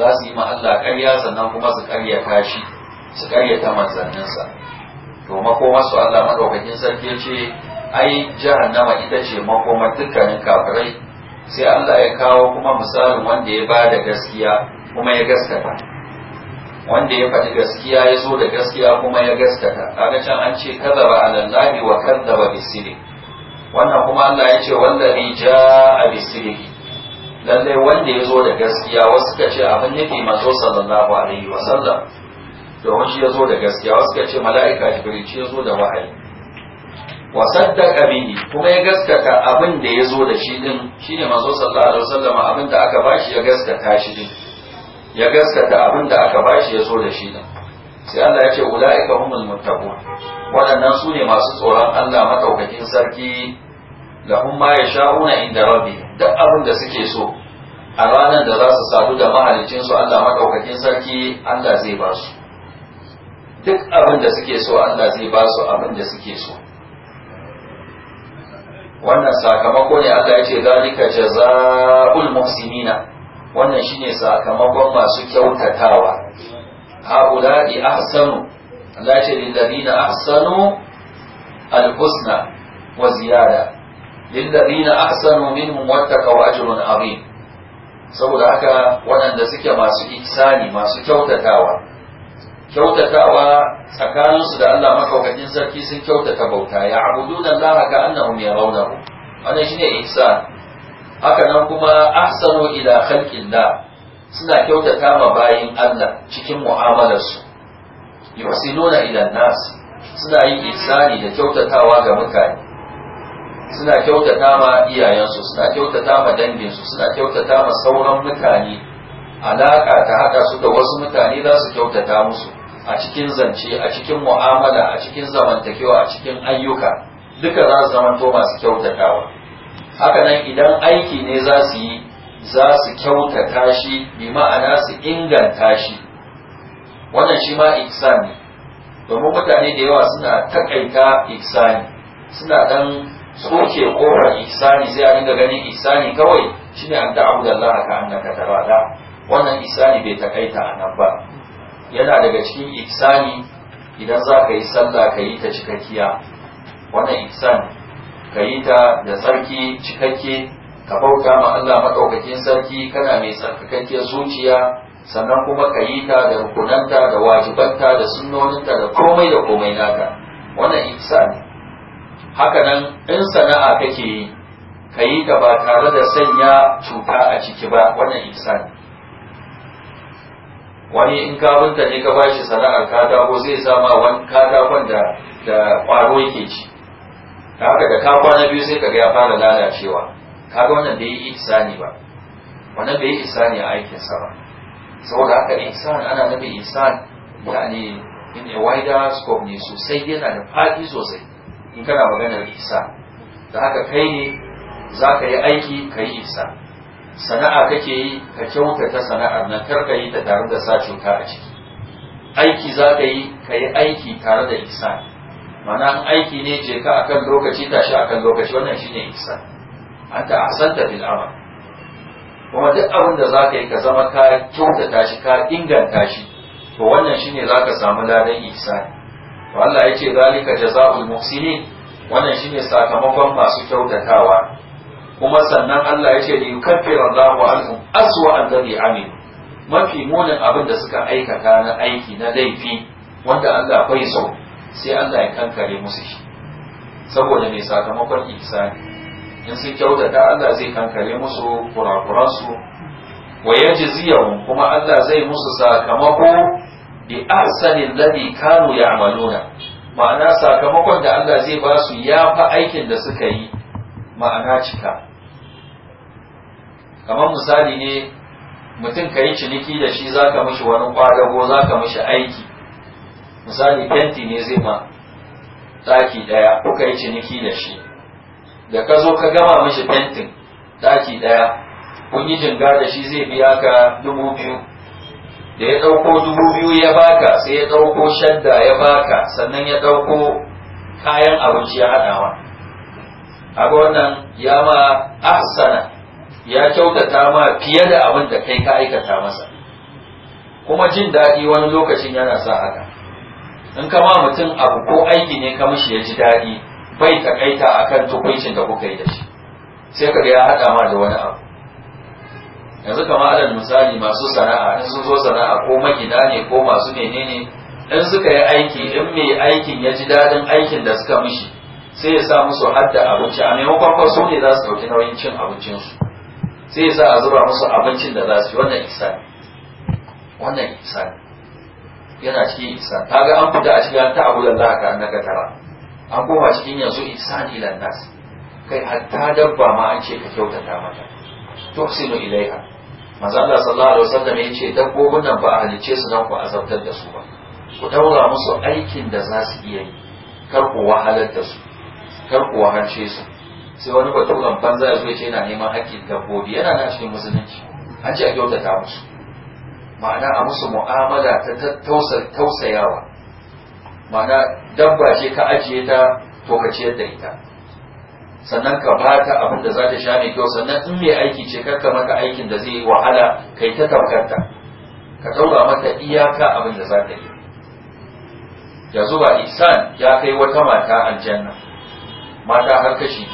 za su yi ma karya sannan kuma su karya shi su ta manzanninsa to makomar su Allah madaukakin sarki ya ce ai jahannama ita ce makomar dukkanin kafirai sai Allah ya kawo kuma misalin wanda ya ba da gaskiya kuma ya gaskata wanda ya faɗi gaskiya ya zo da gaskiya kuma ya gaskata kaga can an ce ba alallahi wa ba bisiri wannan kuma Allah ya ce ja a bisiri lalle wanda ya zo da gaskiya wasu ka ce abin nufi manzo sallallahu alaihi wa sallam domin shi ya zo da gaskiya wasu ka ce mala'ika jibril shi ya zo da wahayi wa saddaka bihi kuma ya gaskata abin da ya zo da shi din shine manzo sallallahu alaihi wa sallam abin da aka bashi ya gaskata shi din ya gaskata abin da aka bashi ya zo da shi ne sai Allah ya ce ula'ika humul muttaqun waɗannan su ne masu tsoron Allah madaukakin sarki lahum ma yasha'una inda rabbi duk abin da suke so a ranar da za su sadu da mahalicin su Allah madaukakin sarki Allah zai ba su duk abin da suke so Allah zai ba su abin da suke so wannan sakamako ne Allah ya ce zalika jazaa'ul muhsinina wannan shine sakamakon masu kyautatawa haula'i ahsanu Allah ce lillazina ahsanu alhusna wa ziyada lillazina ahsanu minhum wattaqaw ajrun azim saboda haka waɗanda suke masu ihsani masu kyautatawa kyautatawa tsakaninsu da Allah makaukakin sarki sun kyautata bauta ya abudun Allah ka annahum yarawnahu wannan shine ihsan haka nan kuma ahsanu ila khalqillah suna kyautata ma bayin Allah cikin mu'amalarsu yusinuna ila nas suna yin ihsani da kyautatawa ga mutane suna kyautata ma iyayensu suna kyautata ma danginsu suna kyautata ma sauran mutane alaka ta haka su da wasu mutane za su kyautata musu a cikin zance a cikin mu'amala a cikin zamantakewa a cikin ayyuka duka za su zamanto masu kyautatawa haka nan idan aiki ne za su yi za su kyautata shi mai ma'ana su inganta shi wannan shi ma iksani. domin mutane da yawa suna takaita iksani, suna dan soke kofar iksani zai a dinga ganin iksani kawai shine an ta'budu Allah ka annaka tarada wannan iksani bai takaita a nan ba yana daga cikin iksani idan za ka yi sallah ka yi ta cikakkiya wannan iksani. ka yi ta da sarki cikakke ka bauta ma Allah maɗaukakin sarki kana mai tsarkakakkiyar zuciya sannan kuma ka yi ta da rukunanta da wajibanta da sunnoninta da komai da komai naka wannan isa ne haka nan in sana'a kake yi ka yi ta ba tare da sanya cuta a ciki ba wannan isa ne wani in kabinta ne ka bashi sana'ar katako zai sama wani katakon da da kwaro yake ci haka da ka kwana biyu sai kaga ya fara lalacewa kaga wannan bai yi ihsani ba wannan bai yi ihsani a aikin sa ba saboda haka ihsan ana nufin ihsan yani in a wider scope ne sosai yana da faɗi sosai in kana maganar ihsan da haka kai ne za ka yi aiki ka yi ihsan sana'a kake yi ka kyautata sana'ar nan kar ka yi ta tare da sa cuta a ciki aiki za ka yi ka yi aiki tare da ihsan mana aiki ne je ka akan lokaci tashi akan lokaci wannan shine ihsan anta asanta bil amal kuma duk abin da zaka yi ka zama ka kyautata shi ka inganta shi to wannan shine zaka samu ladan isa to Allah yace zalika jazaul muhsini wannan shine sakamakon masu kyautatawa kuma sannan Allah yace li yukaffiru Allahu anhum aswa alladhi amilu mafi munin abin da suka aikata na aiki na laifi wanda Allah bai so sai Allah ya kankare musu shi saboda mai sakamakon ihsani in sun kyautata Allah zai kankare musu kurakuransu wa yajziyahum kuma Allah zai musu sakamako bi ahsani ya kanu ya'maluna ma'ana sakamakon da Allah zai ba su yafi aikin da suka yi ma'ana cika kamar misali ne mutum ka yi ciniki da shi zaka mishi wani kwadago zaka mishi aiki misali fenti ne zai ma taki ɗaya kuka yi ciniki da shi da ka zo ka gama mashi fentin ɗaki ɗaya kun yi jinga da shi zai biya ka dubu biyu da ya ɗauko dubu biyu ya baka sai ya ɗauko shadda ya baka sannan ya ɗauko kayan abinci ya haɗawa abu wannan ya ma ahsana ya kyautata ma fiye da abin da kai ka aikata masa kuma jin daɗi wani lokacin yana sa haka in ka ma mutum abu ko aiki ne ka mishi ya ji daɗi bai takaita kan tukuncin da kuka yi da shi sai ka ya haɗa ma da wani abu yanzu kama alal misali masu sana'a in sun zo sana'a ko magina ne ko masu menene in suka yi aiki in mai aikin ya ji daɗin aikin da suka mishi sai ya sa musu hadda abinci a maimakon ko ne za su ɗauki nauyin cin abincinsu sai ya sa a zuba musu abincin da za su yi wannan isa wannan isa yana cikin ihsan kaga an fita a cikin ta abu lallaha ka na tara an koma cikin yanzu ihsan ila nas kai hatta dabba ma an ce ka kyautata mata tuhsinu ilaiha manzo Allah sallallahu alaihi wasallam ce, dabbobin nan ba a halice su dan ku azabtar da su ba ku daura musu aikin da za su iya yi kar ku wahalar da su kar ku wahalce su sai wani baturan banza ya zo yana neman haƙƙin dabbobi yana na cikin musulunci an ce a kyautata musu ma'ana a musu mu'amala ta tausayawa ma'ana dabba ce ka ajiye ta to ka ciyar da ita sannan ka ba ta abin da za ta sha mai kyau sannan in mai aiki ce karka maka aikin da zai yi wahala yi ta tamkarta ka ɗaura mata iyaka abin da za ta yi ya zuwa isan ya kai wata mata aljanna mata har kashi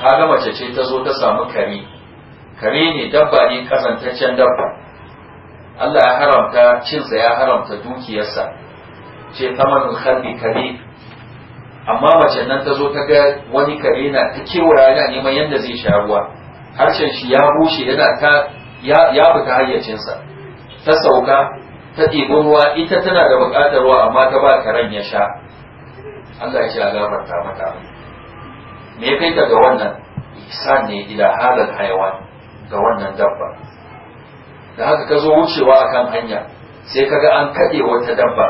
ka ga mace ce ta zo ta samu kare kare ne dabba ne kazantaccen dabba Allah ya haramta cinsa ya haramta dukiyarsa ce tamanul khalbi kare amma mace nan ta zo ta ga wani kare na ta kewaya yana neman yadda zai sha ruwa harshen shi ya bushe yana ta ya fita hayyacinsa ta sauka ta ɗebo ruwa ita tana da buƙatar ruwa amma ta ba karen ya sha Allah ya ce a gafarta mata me kai ta ga wannan ihsan ne ila halal hayawan ga wannan dabba da haka ka zo wucewa kan hanya sai ka ga an kaɗe wata dabba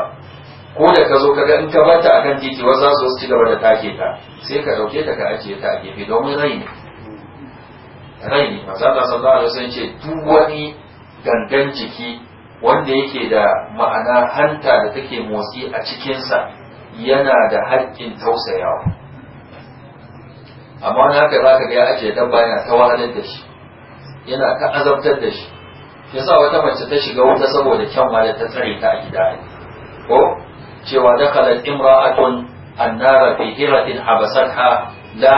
ko da ka zo ka ga in ka bata kan titi wasu za su ci gaba da take ta sai ka ɗauke ta ka ajiye ta a gefe domin rai ne rai ne masu Allah sallallahu alaihi ce duk wani gangan jiki wanda yake da ma'ana hanta da take motsi a cikinsa yana da haƙƙin tausayawa amma wani haka za ka ga ya ajiye dabba yana ta wahalar da shi yana ta azabtar da shi Ya sa wata mace ta shiga wuta saboda kyanwa da ta tsare ta a gida ko cewa dakhalat imra'atun annara fi hiratin habasatha la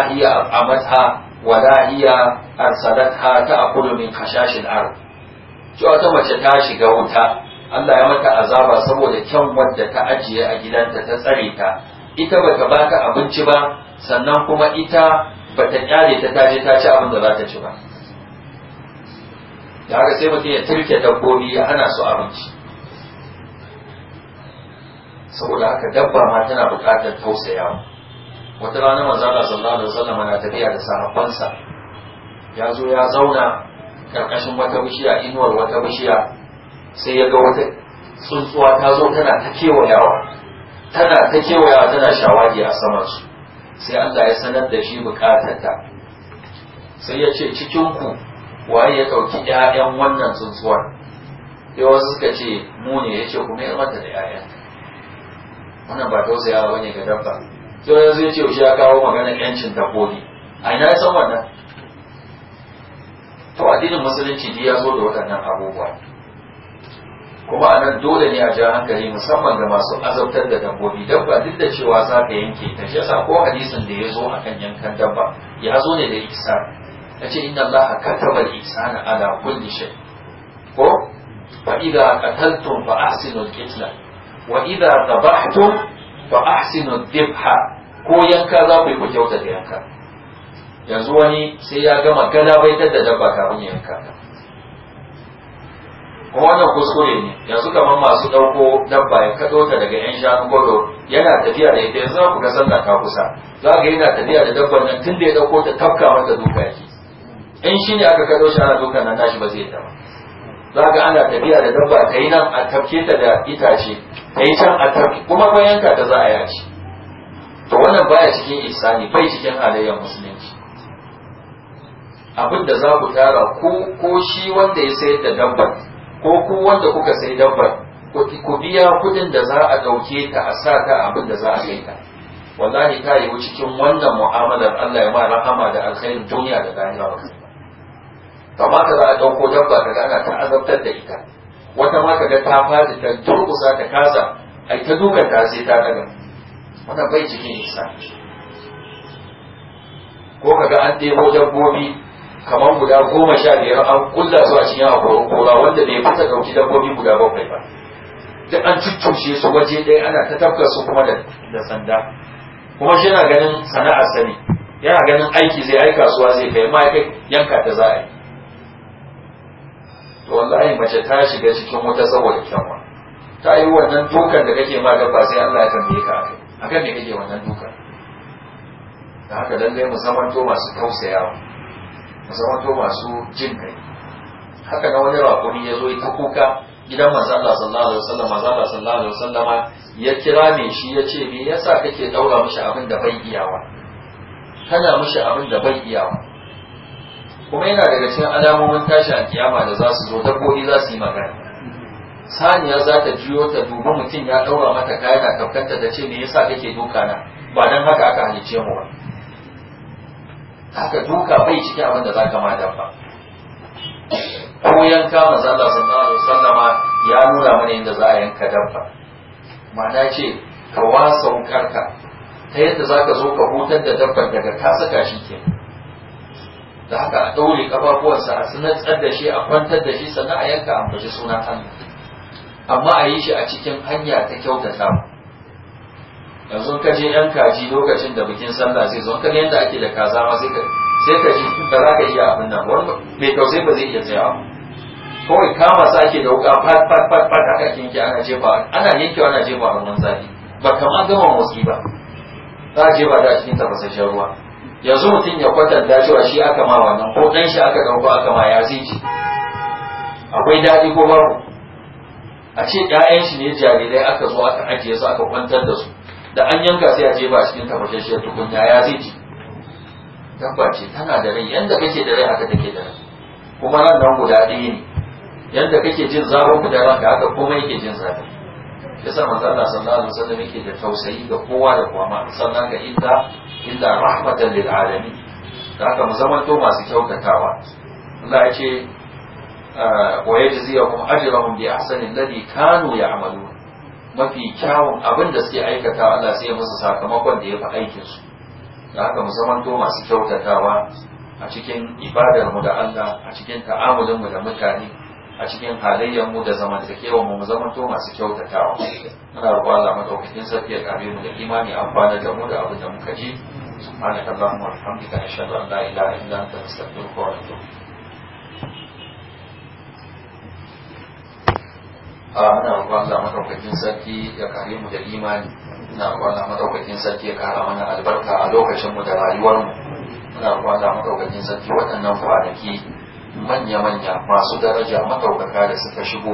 amat ha wa la ha ta ta'kulu min kashashin ard cewa ta mace ta shiga wuta Allah ya mata azaba saboda kyanwar da ta ajiye a gidanta ta tsare ta ita bata bata abinci ba sannan kuma ita bata kyale ta taje ta ci abin da za ta ci ba da haka sai mutum ya turke dabbobi ya hana su abinci saboda haka dabba ma tana buƙatar tausayawa wata rana manzala sallallahu alaihi wasallam na tafiya da sahabbansa ya zo ya zauna karkashin wata bishiya inuwar wata bishiya sai ya ga wata tsuntsuwa ta zo tana ta kewayawa tana ta kewayawa tana shawagi a saman su sai Allah ya sanar da shi bukatarta sai ya ce cikin ku waye ya ɗauki 'ya'yan wannan tsuntsuwar sai wasu suka ce mu ne ya ce kuma ya mata da 'ya'yan. wannan ba tausayawa bane ga dabba sai yanzu ya ce shi ya kawo maganar 'yancin dabbobi a ina ya san wannan to addinin musulunci ya zo da waɗannan abubuwa kuma anan dole ne a ja hankali musamman ga masu azabtar da dabbobi dabba duk da cewa za ka yanke ta shi ko hadisin da ya zo akan yankan dabba ya zo ne da ikisar yace inna allaha kataba al-ihsana ala kulli shay ko fa idza qataltum fa ahsinu al-qitla wa idza dhabhtum fa ahsinu al-dhabha ko yanka za ku yi kyauta da yanka yanzu wani sai ya gama galabaitar da dabba kafin yanka kuma wannan kuskure ne yanzu kamar masu ɗauko dabba ya kaɗo ta daga 'yan shanu gwado yana tafiya da ita yanzu ku ga sallah ta kusa za ga yana tafiya da dabban nan tun da ya ɗauko ta tafka mata duka yake in shi ne aka kaɗo shi ana dukan nan nashi ba zai yadda ba za ga ana tafiya da dabba ta yi nan a tafke ta da itace ta yi can a tafke kuma bayan ta za a yaci to wannan baya cikin isani bai cikin halayyar musulunci abin da za ku tara ko shi wanda ya sayar da dabbar ko ku wanda kuka sayi dabbar ku biya kuɗin da za a ɗauke ta a sa ta abin da za a kai ta wallahi ta yiwu cikin wannan mu'amalar Allah ya ma rahama da alkhairin duniya da lahira kamata za a ɗauko dabba ka ana ta azabtar da ita wata ma kaga ta fadi ta durƙusa ta kasa ai ta dukan ta sai ta daga wannan bai cikin isa ko kaga an ɗebo dabbobi kamar guda goma sha biyar an kulla su a cikin abubuwan kora wanda bai fasa ɗauki dabbobi guda bakwai ba duk an cuccushe su waje ɗaya ana ta tafka su kuma da sanda kuma shi na ganin sana'ar sani yana ganin aiki zai ai kasuwa zai kai ma'aikai yanka ta za a yi to wallahi mace ta shiga cikin wuta saboda kyanwa ta yi wannan dukan da kake ma gaba sai Allah ya tambaye ka akai akan me kake wannan dukan da haka lallai musamman to masu tausayawa musamman to masu jin kai haka na wani rakuni ya zo ta kuka gidan manzo Allah sallallahu alaihi wasallam manzo Allah sallallahu alaihi wasallama ya kira me shi ya ce me yasa kake daura mishi abin da bai iyawa kana mishi abin da bai iyawa kuma yana daga cikin alamomin tashi a kiyama da za su zo dabbobi za su yi magana saniya za ta juyo ta dubi mutum ya ɗaura mata kaya na kafkanta ta ce me yasa kake duka na ba don haka aka halice mu ba haka duka bai ciki abin da za ka ma dabba ko yanka manzo sallallahu alaihi wasallama ya nuna mana yadda za a yanka dabba ma'ana ce ka wasa wukarka ta yadda za ka zo ka hutar da dabbar daga ka saka shi kenan da haka a ɗaure ƙafafuwansa a sinatsar da shi a kwantar da shi sannan a yanka ambaci suna Allah amma a yi shi a cikin hanya ta kyautata yanzu ka je yan kaji lokacin da bikin sallah zai zo ka ga yadda ake da kaza ma sai ka sai ka ji ba za ka iya abin nan wani mai tausayi ba zai iya tsayawa kawai kama sa ake da wuka fat fat fat fat haka kinki ana jefa ana yankewa ana jefa ruwan zafi ba kamar gama motsi ba za a jefa da cikin tafasasshen ruwa yanzu mutum ya kwatanta cewa shi aka ma wannan ko ɗan shi aka ɗauko aka ma ya zai akwai daɗi ko babu a ce ɗayan shi ne jarirai aka zo aka ajiye su aka kwantar da su da an yanka sai a je ba cikin tafashashiyar tukunya ya zai ji ce tana da rai yanda kake da rai haka take da rai kuma nan nan guda ɗaya ne yanda kake jin zafin da ranka haka komai yake jin zafin yasa manzo Allah sallallahu alaihi wasallam yake da tausayi ga kowa da kowa ma sannan ga illa inda rahmatan lil alamin da haka mu to masu kyautatawa Allah ya ce ah, wa yajziyakum ajrahum bi ahsani alladhi kanu ya'malun mafi kyawun abin da suke aikata Allah sai ya musu sakamakon da ya fi aikin su da aka mu to masu kyautatawa a cikin ibadar mu da Allah a cikin ta'amulin mu da mutane a cikin halayyar mu da zamantakewar mu zaman to masu kyautatawa muna ruwa Allah madaukakin sarki ya kare mu da imani amfana da mu da abin da muka ji سبحانك اللهم وبحمدك نشهد ان لا اله الا انت نستغفرك A muna roƙon Allah madaukakin sarki ya kare mu da imani muna roƙon Allah madaukakin sarki ya kara mana albarka a lokacin mu da rayuwar mu muna roƙon Allah madaukakin sarki waɗannan kwanaki manya-manya masu daraja matauƙaƙa da suka shigo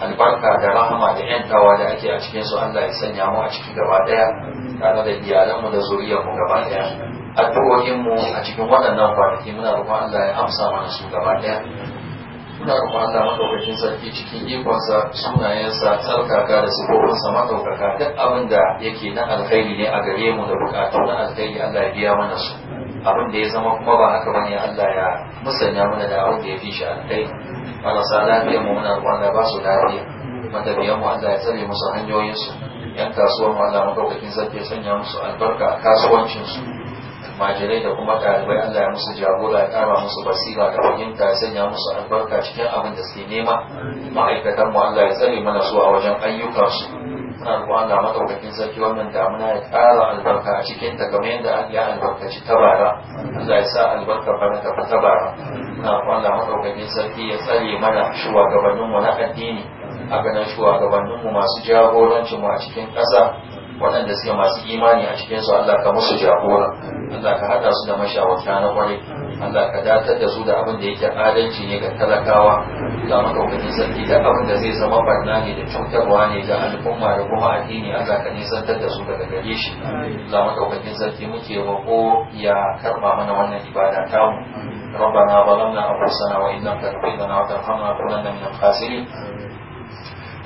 albarka da rahama da tawa da ake a cikinsu Allah ya sanya mu a ciki gaba daya tare da iyalanmu da zuriyarmu gaba daya addu'o'inmu a cikin waɗannan kwanaki muna roƙon Allah ya amsa mana su gaba daya muna roƙon Allah madaukakin sarki cikin ikonsa sunayensa sarkaka da sifofinsa madaukaka duk abin da yake na alkhairi ne a gare mu da buƙatu na alkhairi Allah ya biya mana su abin da ya zama kuma ba haka bane Allah ya musanya mana da abin da ya fi shi alkai marasa lafiyar mu muna ruwan da ba su lafiya biyan mu Allah ya tsare musu hanyoyin yan kasuwar mu Allah madaukakin sarki ya sanya musu albarka a kasuwancin su da kuma ɗalibai Allah ya musu jagora ya ƙara musu basira da fahimta ya sanya musu albarka cikin abin da suke nema ma'aikatan mu Allah ya tsare mana su a wajen ayyukansu muna roƙon ga madaukakin sarki wannan damuna ya ƙara albarka a cikin ta kamar yadda an ya albarkaci ta bara Allah ya sa albarka bana ta ta bara muna roƙon ga madaukakin sarki ya tsare mana shugabanninmu na addini a ganin nan shugabanninmu masu jagorancinmu a cikin ƙasa waɗanda suke masu imani a cikinsu Allah ka musu jagora Allah ka haɗa su da mashawarta na ƙwarai Allah ka datar da su da abin da yake adalci ne ga talakawa da makaukakin sarki da abin da zai zama barna ne da cutarwa ne ga al'umma da kuma addini Allah ka nisantar da su daga gare shi da makaukakin sarki muke roƙo ya karba mana wannan ibada tamu ربنا ظلمنا أنفسنا وإن لم تغفر لنا وترحمنا لنكونن من الخاسرين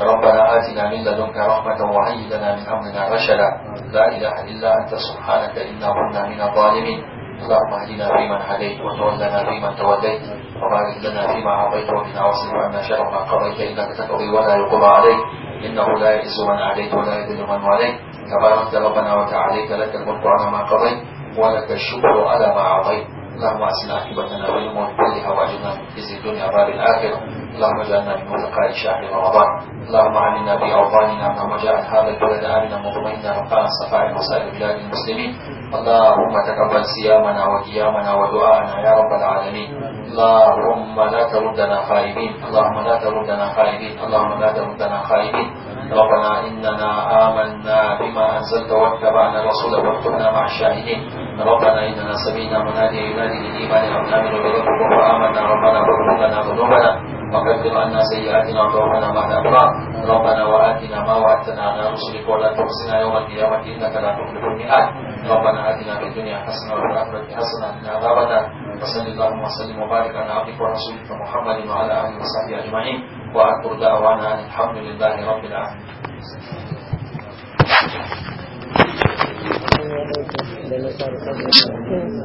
ربنا آتنا من لدنك رحمة وهيئ لنا من أمرنا رشدا لا إله إلا أنت سبحانك إنا كنا من الظالمين اللهم اهدنا فيمن هديت وتولنا فيمن توليت وبارك لنا فيما اعطيت وقنا واصرف عنا شر ما قضيت انك تقضي ولا يقضى عليك انه لا يئس من عليك ولا يذل من عليك تباركت ربنا وتعاليت لك الملك على ما قضيت ولك الشكر على ما اعطيت اللهم احسن عاقبتنا في الامور كلها واجبنا في الدنيا باب الاخره اللهم اجعلنا من متقاء شهر رمضان اللهم علمنا باوطاننا ما جاءت هذا البلد امنا مطمئنا مقام الصفاء وسائر بلاد المسلمين اللهم تقبل صيامنا وقيامنا ودعاءنا يا رب العالمين اللهم لا تردنا خائبين اللهم لا تردنا خائبين اللهم لا تردنا خائبين ربنا اننا امنا بما انزلت واتبعنا الرسول واكتبنا مع الشاهدين ربنا إننا سمينا مناديا ينادي للإيمان أن آمنوا بربكم فآمنا ربنا فاغفر لنا ذنوبنا وكفر عنا سيئاتنا وتوفنا مع الأبرار ربنا وآتنا ما وعدتنا على رسلك ولا تخزنا يوم القيامة إنك لا تخلف الميعاد ربنا آتنا في الدنيا حسنة وفي الآخرة حسنة وقنا عذاب النار وصلى اللهم وسلم وبارك على عبدك ورسولك محمد وعلى آله وصحبه أجمعين وآخر دعوانا الحمد لله رب العالمين
de los